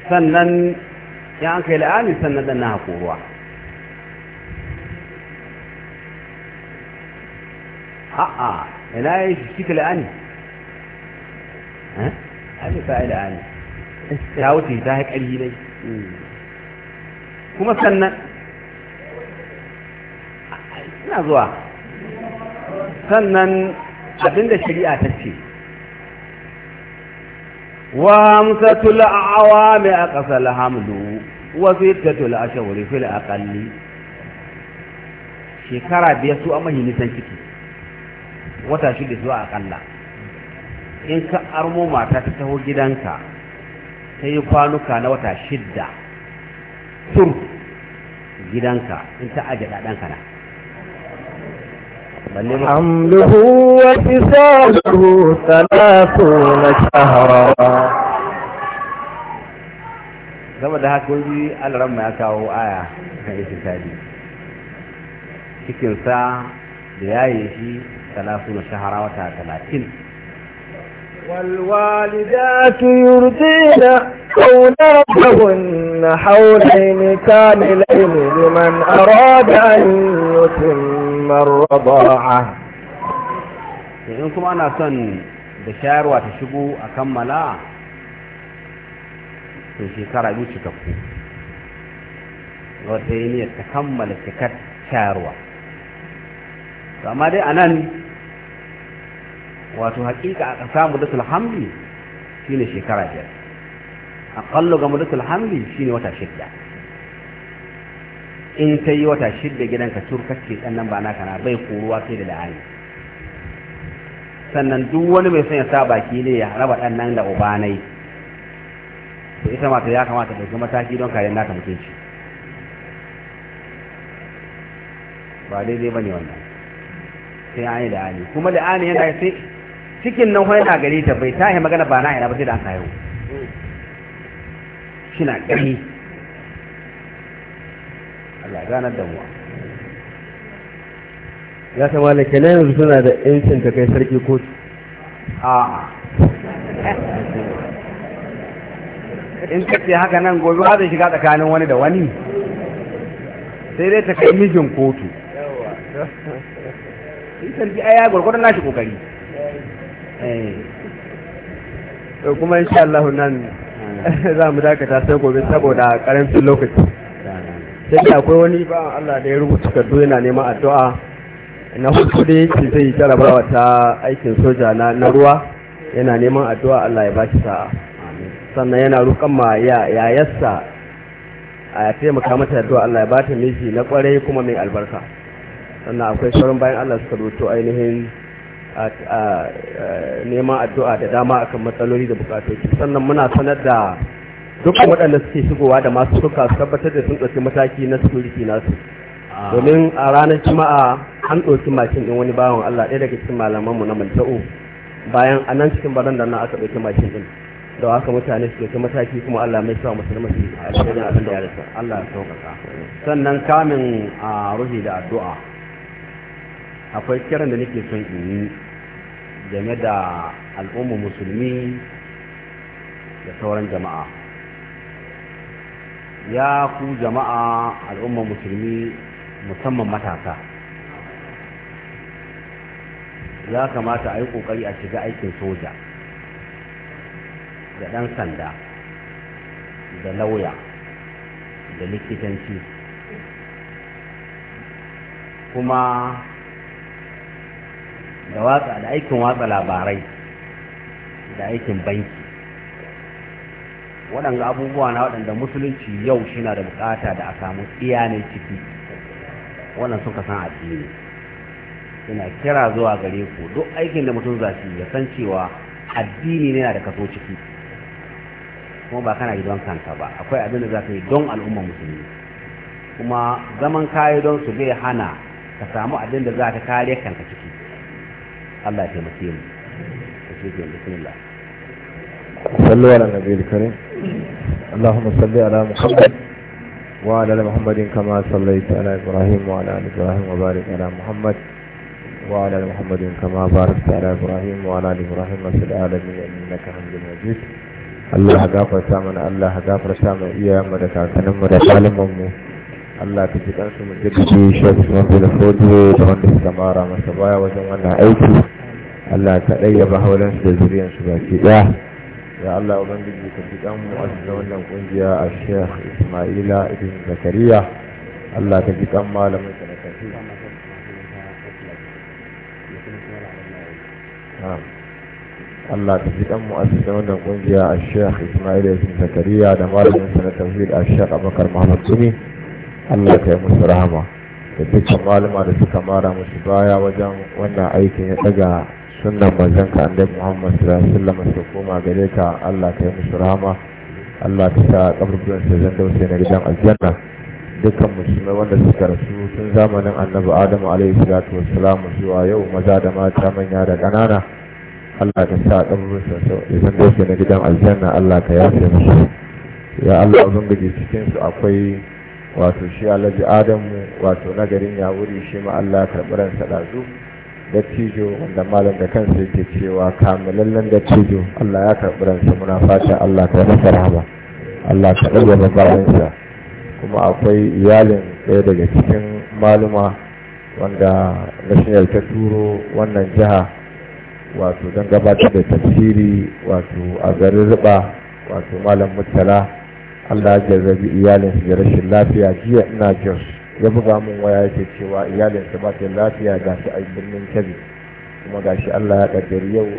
sannan ya an kai la'ani sannan ɗan na haƙoruwa a'a ina yi shi ta la'ani ta eh? yi la'ani ya wuce ta haƙari dai hmm. kuma sannan ina zuwa sannan abinda shari'a ta ce wa musatul awami a ƙasar hamdu wasu yattatul ashawari fil aqalli shekara biyar su amma yi nisan ciki wata shida zuwa aƙalla in ka armo mata ta taho gidanka ta yi kwanuka na wata shidda tur gidanka in ta aje ɗaɗanka na حمله وفصاله ثلاثون شهرا كما ده كل دي على رمى كاو آية في تادي كتن ساعة دعائي في ثلاثون شهرا وتا ثلاثين والوالدات يرضين كون ربهن حولين كان لمن أراد أن يتم ni'mar rada'a in kuma ana son da shayarwa ta shigo a kammala to shekara biyu cikakku wata yi niyyar ta kammala cikar shayarwa amma dai a nan wato hakika a ƙasa mudatul hamli shine shekara biyar aƙallu ga mudatul hamli shine wata shidda in ta yi wata shidda gidanka tur kake sannan ba naka na bai koruwa sai da la'ani sannan duk wani mai son ya sa baki ne ya raba ɗan nan da ubanai to ita mata ya kamata ta mataki don kare naka mutunci ba daidai ba ne wannan sai an yi la'ani kuma la'ani yana sai cikin nan wani na gari ta bai tahi magana ba na yana ba sai da an kayo shi na gari Allah ganar da mu ya ta malaka kenan yanzu suna da yancin ta kai sarki kotu a in kace haka nan gobe ba zai shiga tsakanin wani da wani sai dai ta kai mijin kotu shi sarki ai ya gwargwadon nashi kokari eh. kuma insha Allah nan za mu dakata sai gobe saboda karancin lokaci sai da akwai wani ba Allah da ya rubuta kaddu yana neman addu'a na hutu da yake zai yi jarabawa ta aikin soja na ruwa yana neman addu'a Allah ya baki sa'a sannan yana roƙon ma yassa a taimaka mata addu'a Allah ya ba ta miji na kwarai kuma mai albarka sannan akwai sauran bayan Allah suka rubuto ainihin neman addu'a da dama akan matsaloli da bukatoci sannan muna sanar da dukkan waɗanda suke shigowa da masu suka su tabbatar da sun ɗauki mataki na security nasu ah. domin a ranar jima'a an ɗauki mashin ɗin wani bawan Allah ɗaya daga cikin malamanmu na manta'u bayan a nan cikin baran da nan aka ɗauki mashin ɗin da haka mutane su ɗauki mataki kuma Allah mai sa musulmai a cikin abin da ya rasa Allah ya sauƙaƙa sannan kamin a ruhi da addu'a akwai kiran da nake son in yi game da al'ummar musulmi da sauran jama'a ya ku jama'a al'ummar musulmi musamman matasa ya kamata a yi ƙoƙari a shiga aikin soja da ɗan sanda da lauya da likitanci kuma da da aikin watsa labarai da aikin banki waɗanda abubuwa na waɗanda musulunci yau shi na da bukata da a samu iyanai ciki wannan suka san addini yana kira zuwa gare ku duk aikin da mutum zafi ya san cewa addini ne na da kaso ciki kuma ba kana yi don kanka ba akwai abin da za ka yi don al'ummar musulmi kuma zaman kayi don su zai hana ka samu abin da za ka kare kanka ciki Allah ya taimake mu. اللهم صل على محمد وعلى محمد كما صليت على ابراهيم وعلى ال ابراهيم وبارك على محمد وعلى محمد كما باركت على ابراهيم وعلى ال ابراهيم في العالمين انك حميد مجيد الله gafarta mana Allah gafarta mana iyayenmu da kakanninmu da ɗalibanmu Allah ka ji kansu mu duka shafi sun da fodo da wanda suka mara masa baya wajen wannan aiki Allah ka ɗayyaba haulansu da zuriyarsu baki ɗaya ya Allah ubangiji ka ji dan mu da wannan kungiya a Sheikh Ismaila ibn Zakariya Allah ka ji kan malamin ka da kafi Allah ka ji dan mu da wannan kungiya a Sheikh Isma'il ibn Zakariya da malamin sa na tauhid a Sheikh Abubakar Muhammad Sumi Allah ka yi musu rahama da dukkan malama da suka mara musu baya wajen wannan aikin ya daga sunnan manzanka annabi Muhammad sallallahu alaihi wasallam su koma gare ka Allah ka yi musu rahama Allah ka sa kaburburan su zan dausa na gidan aljanna dukkan musulmai wanda suka rasu tun zamanin annabi Adamu alaihi salatu wassalam zuwa yau maza da mata manya da ƙanana Allah ka sa kaburburan su zan dausa na gidan aljanna Allah ka yafe musu ya Allah ubangiji cikin su akwai wato shi Alhaji Adamu wato nagarin ya wuri shi ma Allah karɓi ransa ɗazu dattijo wanda malam da kansa yake cewa kamilallen dattijo Allah ya karɓi ransa muna fata Allah ka masa rahama Allah ka ɗaga bayansa kuma akwai iyalin ɗaya daga cikin maluma wanda national ta turo wannan jiha wato don gabatar da tafsiri wato a garin riba wato malam mutala Allah ya jarrabi iyalinsu da rashin lafiya jiya ina jos ya buga min waya yake cewa iyalinsa ba ta lafiya ga shi a birnin kebbi kuma ga shi allah ya kaddari yau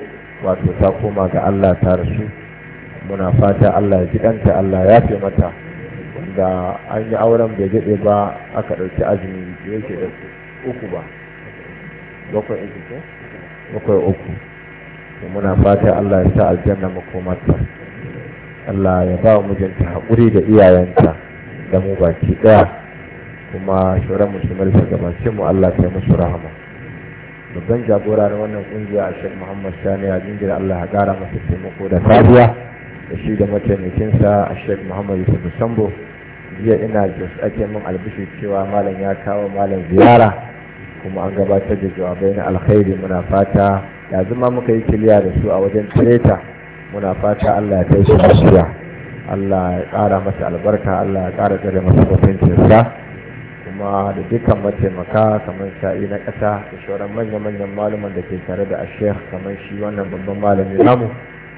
wato ta koma ga allah ta rasu muna fata allah ya jikanta allah ya fi mata wanda an yi auren bai daɗe ba aka ɗauki azumi da yake da uku ba bakwai uku bakwai uku muna fata allah ya sa aljanna makomarta allah ya ba wa mijinta haƙuri da iyayenta da mu baki ɗaya kuma shuran musulmai ta gabace mu Allah ta musu rahama babban jagora na wannan kungiya shek Muhammad Sani a jingir Allah ya kara masa taimako da sabuwa da shi da mataimakinsa a shek Muhammad Yusuf Sambo jiya ina jos ake min albishi cewa malam ya kawo malam ziyara kuma an gabatar da jawabai na alkhairi muna fata ya zama muka yi kiliya da su a wajen tireta muna fata Allah ya kai shi lafiya Allah ya ƙara masa albarka Allah ya kara tsare masa mutuncinsa kuma da dukkan mataimaka kamar sa'i na ƙasa da shauran manya-manyan malaman da ke tare da ashek kamar shi wannan babban malami namu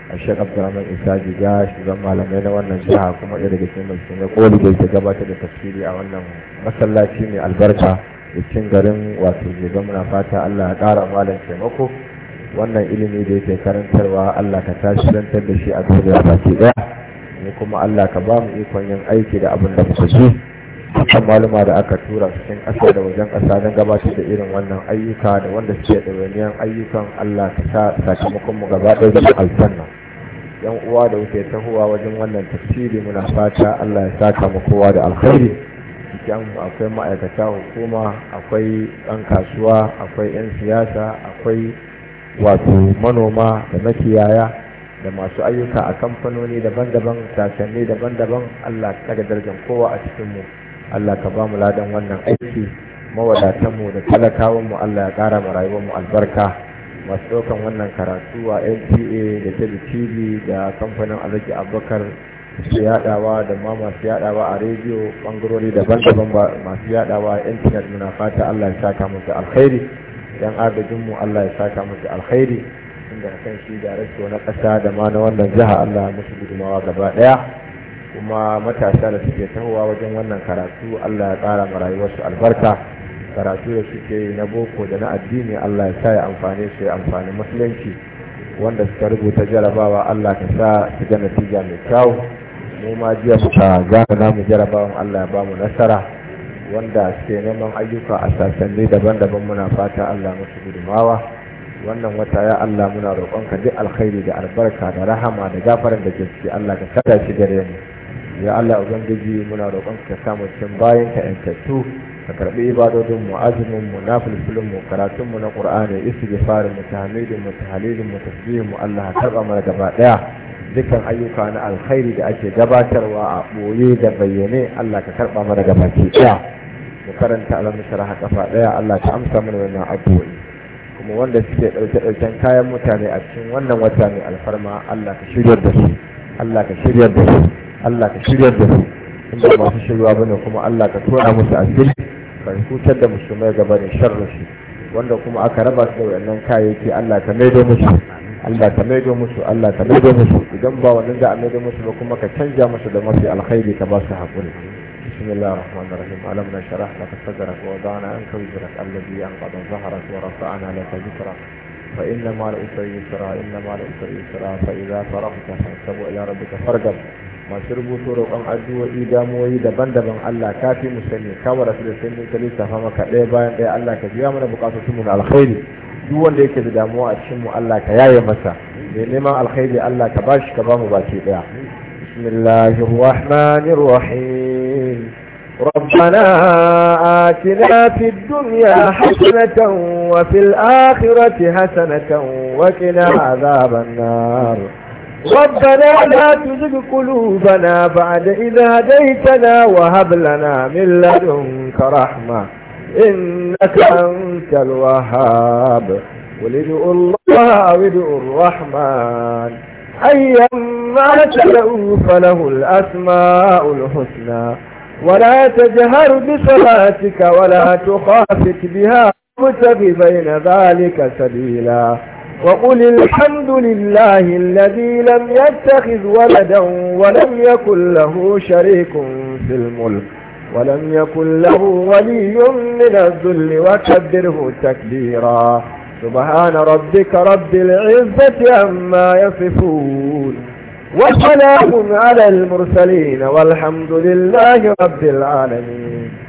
ashek abdulrahman isa jiga shugaban malamai na wannan jiha kuma ɗaya daga cikin mai na koli da ke gabatar da tafsiri a wannan masallaci mai albarka da cin garin wato jiga muna fata allah ya ƙara malam taimako wannan ilimi da yake karantarwa allah ka tashi zantar da shi a duniya baki ɗaya ne kuma allah ka ba mu ikon yin aiki da abin da muka ji kan maluma da aka tura cikin ƙasa da wajen ƙasa don gabatar da irin wannan ayyuka da wanda suke ɗawainiyar ayyukan Allah ta sa sakamakon mu gaba ɗaya da alfanna yan uwa da wuce tahowa wajen wannan tafsiri muna fata Allah ya saka mu kowa da alkhairi cikin akwai ma'aikata hukuma akwai ɗan kasuwa akwai 'yan siyasa akwai wato manoma da makiyaya da masu ayyuka a kamfanoni daban-daban sassanni daban-daban Allah ya daga darajar kowa a cikin mu Allah ka ba mu ladan wannan aiki mawadatanmu da talakawanmu Allah ya ƙara ma rayuwarmu albarka masu ɗaukan wannan karatu a NTA da Tebi TV da kamfanin Alhaji Abubakar su yaɗawa da ma masu yaɗawa a rediyo ɓangarori daban-daban masu yaɗawa a intanet muna fata Allah ya saka musu alkhairi dan agajinmu Allah ya saka musu alkhairi inda kan shi da na ƙasa da ma na wannan jiha Allah ya musu gudumawa gaba ɗaya kuma matasa da suke tahowa wajen wannan karatu Allah ya ƙara ma rayuwarsu albarka karatu da suke na boko da na addini Allah ya sa ya amfane su ya amfani musulunci wanda suka rubuta jarabawa Allah ka sa su ga natija mai kyau mu ma jiya muka gane namu jarabawan Allah ya bamu nasara wanda suke neman ayyuka a sassanni daban-daban muna fata Allah musu gudumawa wannan wata ya Allah muna roƙonka duk alkhairi da albarka da rahama da gafarar da ke ciki Allah ka kada shi gare mu ya Allah ubangiji muna roƙon ka samu cikin bayan ka yantattu ka karɓi ibadodin mu azumin mu na fulfulun mu karatun mu na qur'ani istighfarin mu tahmidin mu tahlilin mu tasbihin mu Allah karɓa mana gaba daya dukkan ayyuka na alkhairi da ake gabatarwa a boye da bayyane Allah ka karɓa mana gaba ki daya mu karanta alamu sharaha kafa daya Allah ka amsa mana wannan addu'o'i kuma wanda suke ɗauke ɗauken kayan mutane a cikin wannan wata mai alfarma Allah ka da su Allah ka shiryar da su Allah ka shirya da su inda masu shirya bane kuma Allah ka tura musu asiri ka hutar da musulmai gaba da sharrin su wanda kuma aka raba su da wannan kayayyaki Allah ka maido musu Allah ka maido musu Allah ka maido musu idan ba wannan da a maido musu ba kuma ka canja musu da mafi alkhairi ka ba su haƙuri بسم الله الرحمن الرحيم ألم نشرح لك صدرك ووضعنا عنك وزرك الذي ظهرك ورفعنا لك ذكرك العسر يسرا العسر يسرا فإذا فرغت إلى ربك فارغب masu rubutu roƙon addu'o'i damuwoyi daban-daban Allah ka fi mu sani ka wara da sani ka lissafa maka ɗaya bayan ɗaya Allah ka biya mana buƙatun mu da alkhairi duk wanda yake da damuwa a cikin mu Allah ka yaye masa mai neman alkhairi Allah ka bashi ka bamu baki ɗaya bismillahir rahmanir rahim ربنا آتنا في الدنيا حسنة وفي الآخرة حسنة وقنا عذاب النار ربنا لا تزغ قلوبنا بعد إذا هديتنا وهب لنا من لدنك رحمة إنك أنت الوهاب قل ادعوا الله أو ادعوا الرحمن أيما تدعوا فله الأسماء الحسنى ولا تجهر بصلاتك ولا تخافت بها وابتغ بين ذلك سبيلا وقل الحمد لله الذي لم يتخذ ولدا ولم يكن له شريك في الملك ولم يكن له ولي من الذل وكبره تكبيرا سبحان ربك رب العزة عما يصفون وسلام على المرسلين والحمد لله رب العالمين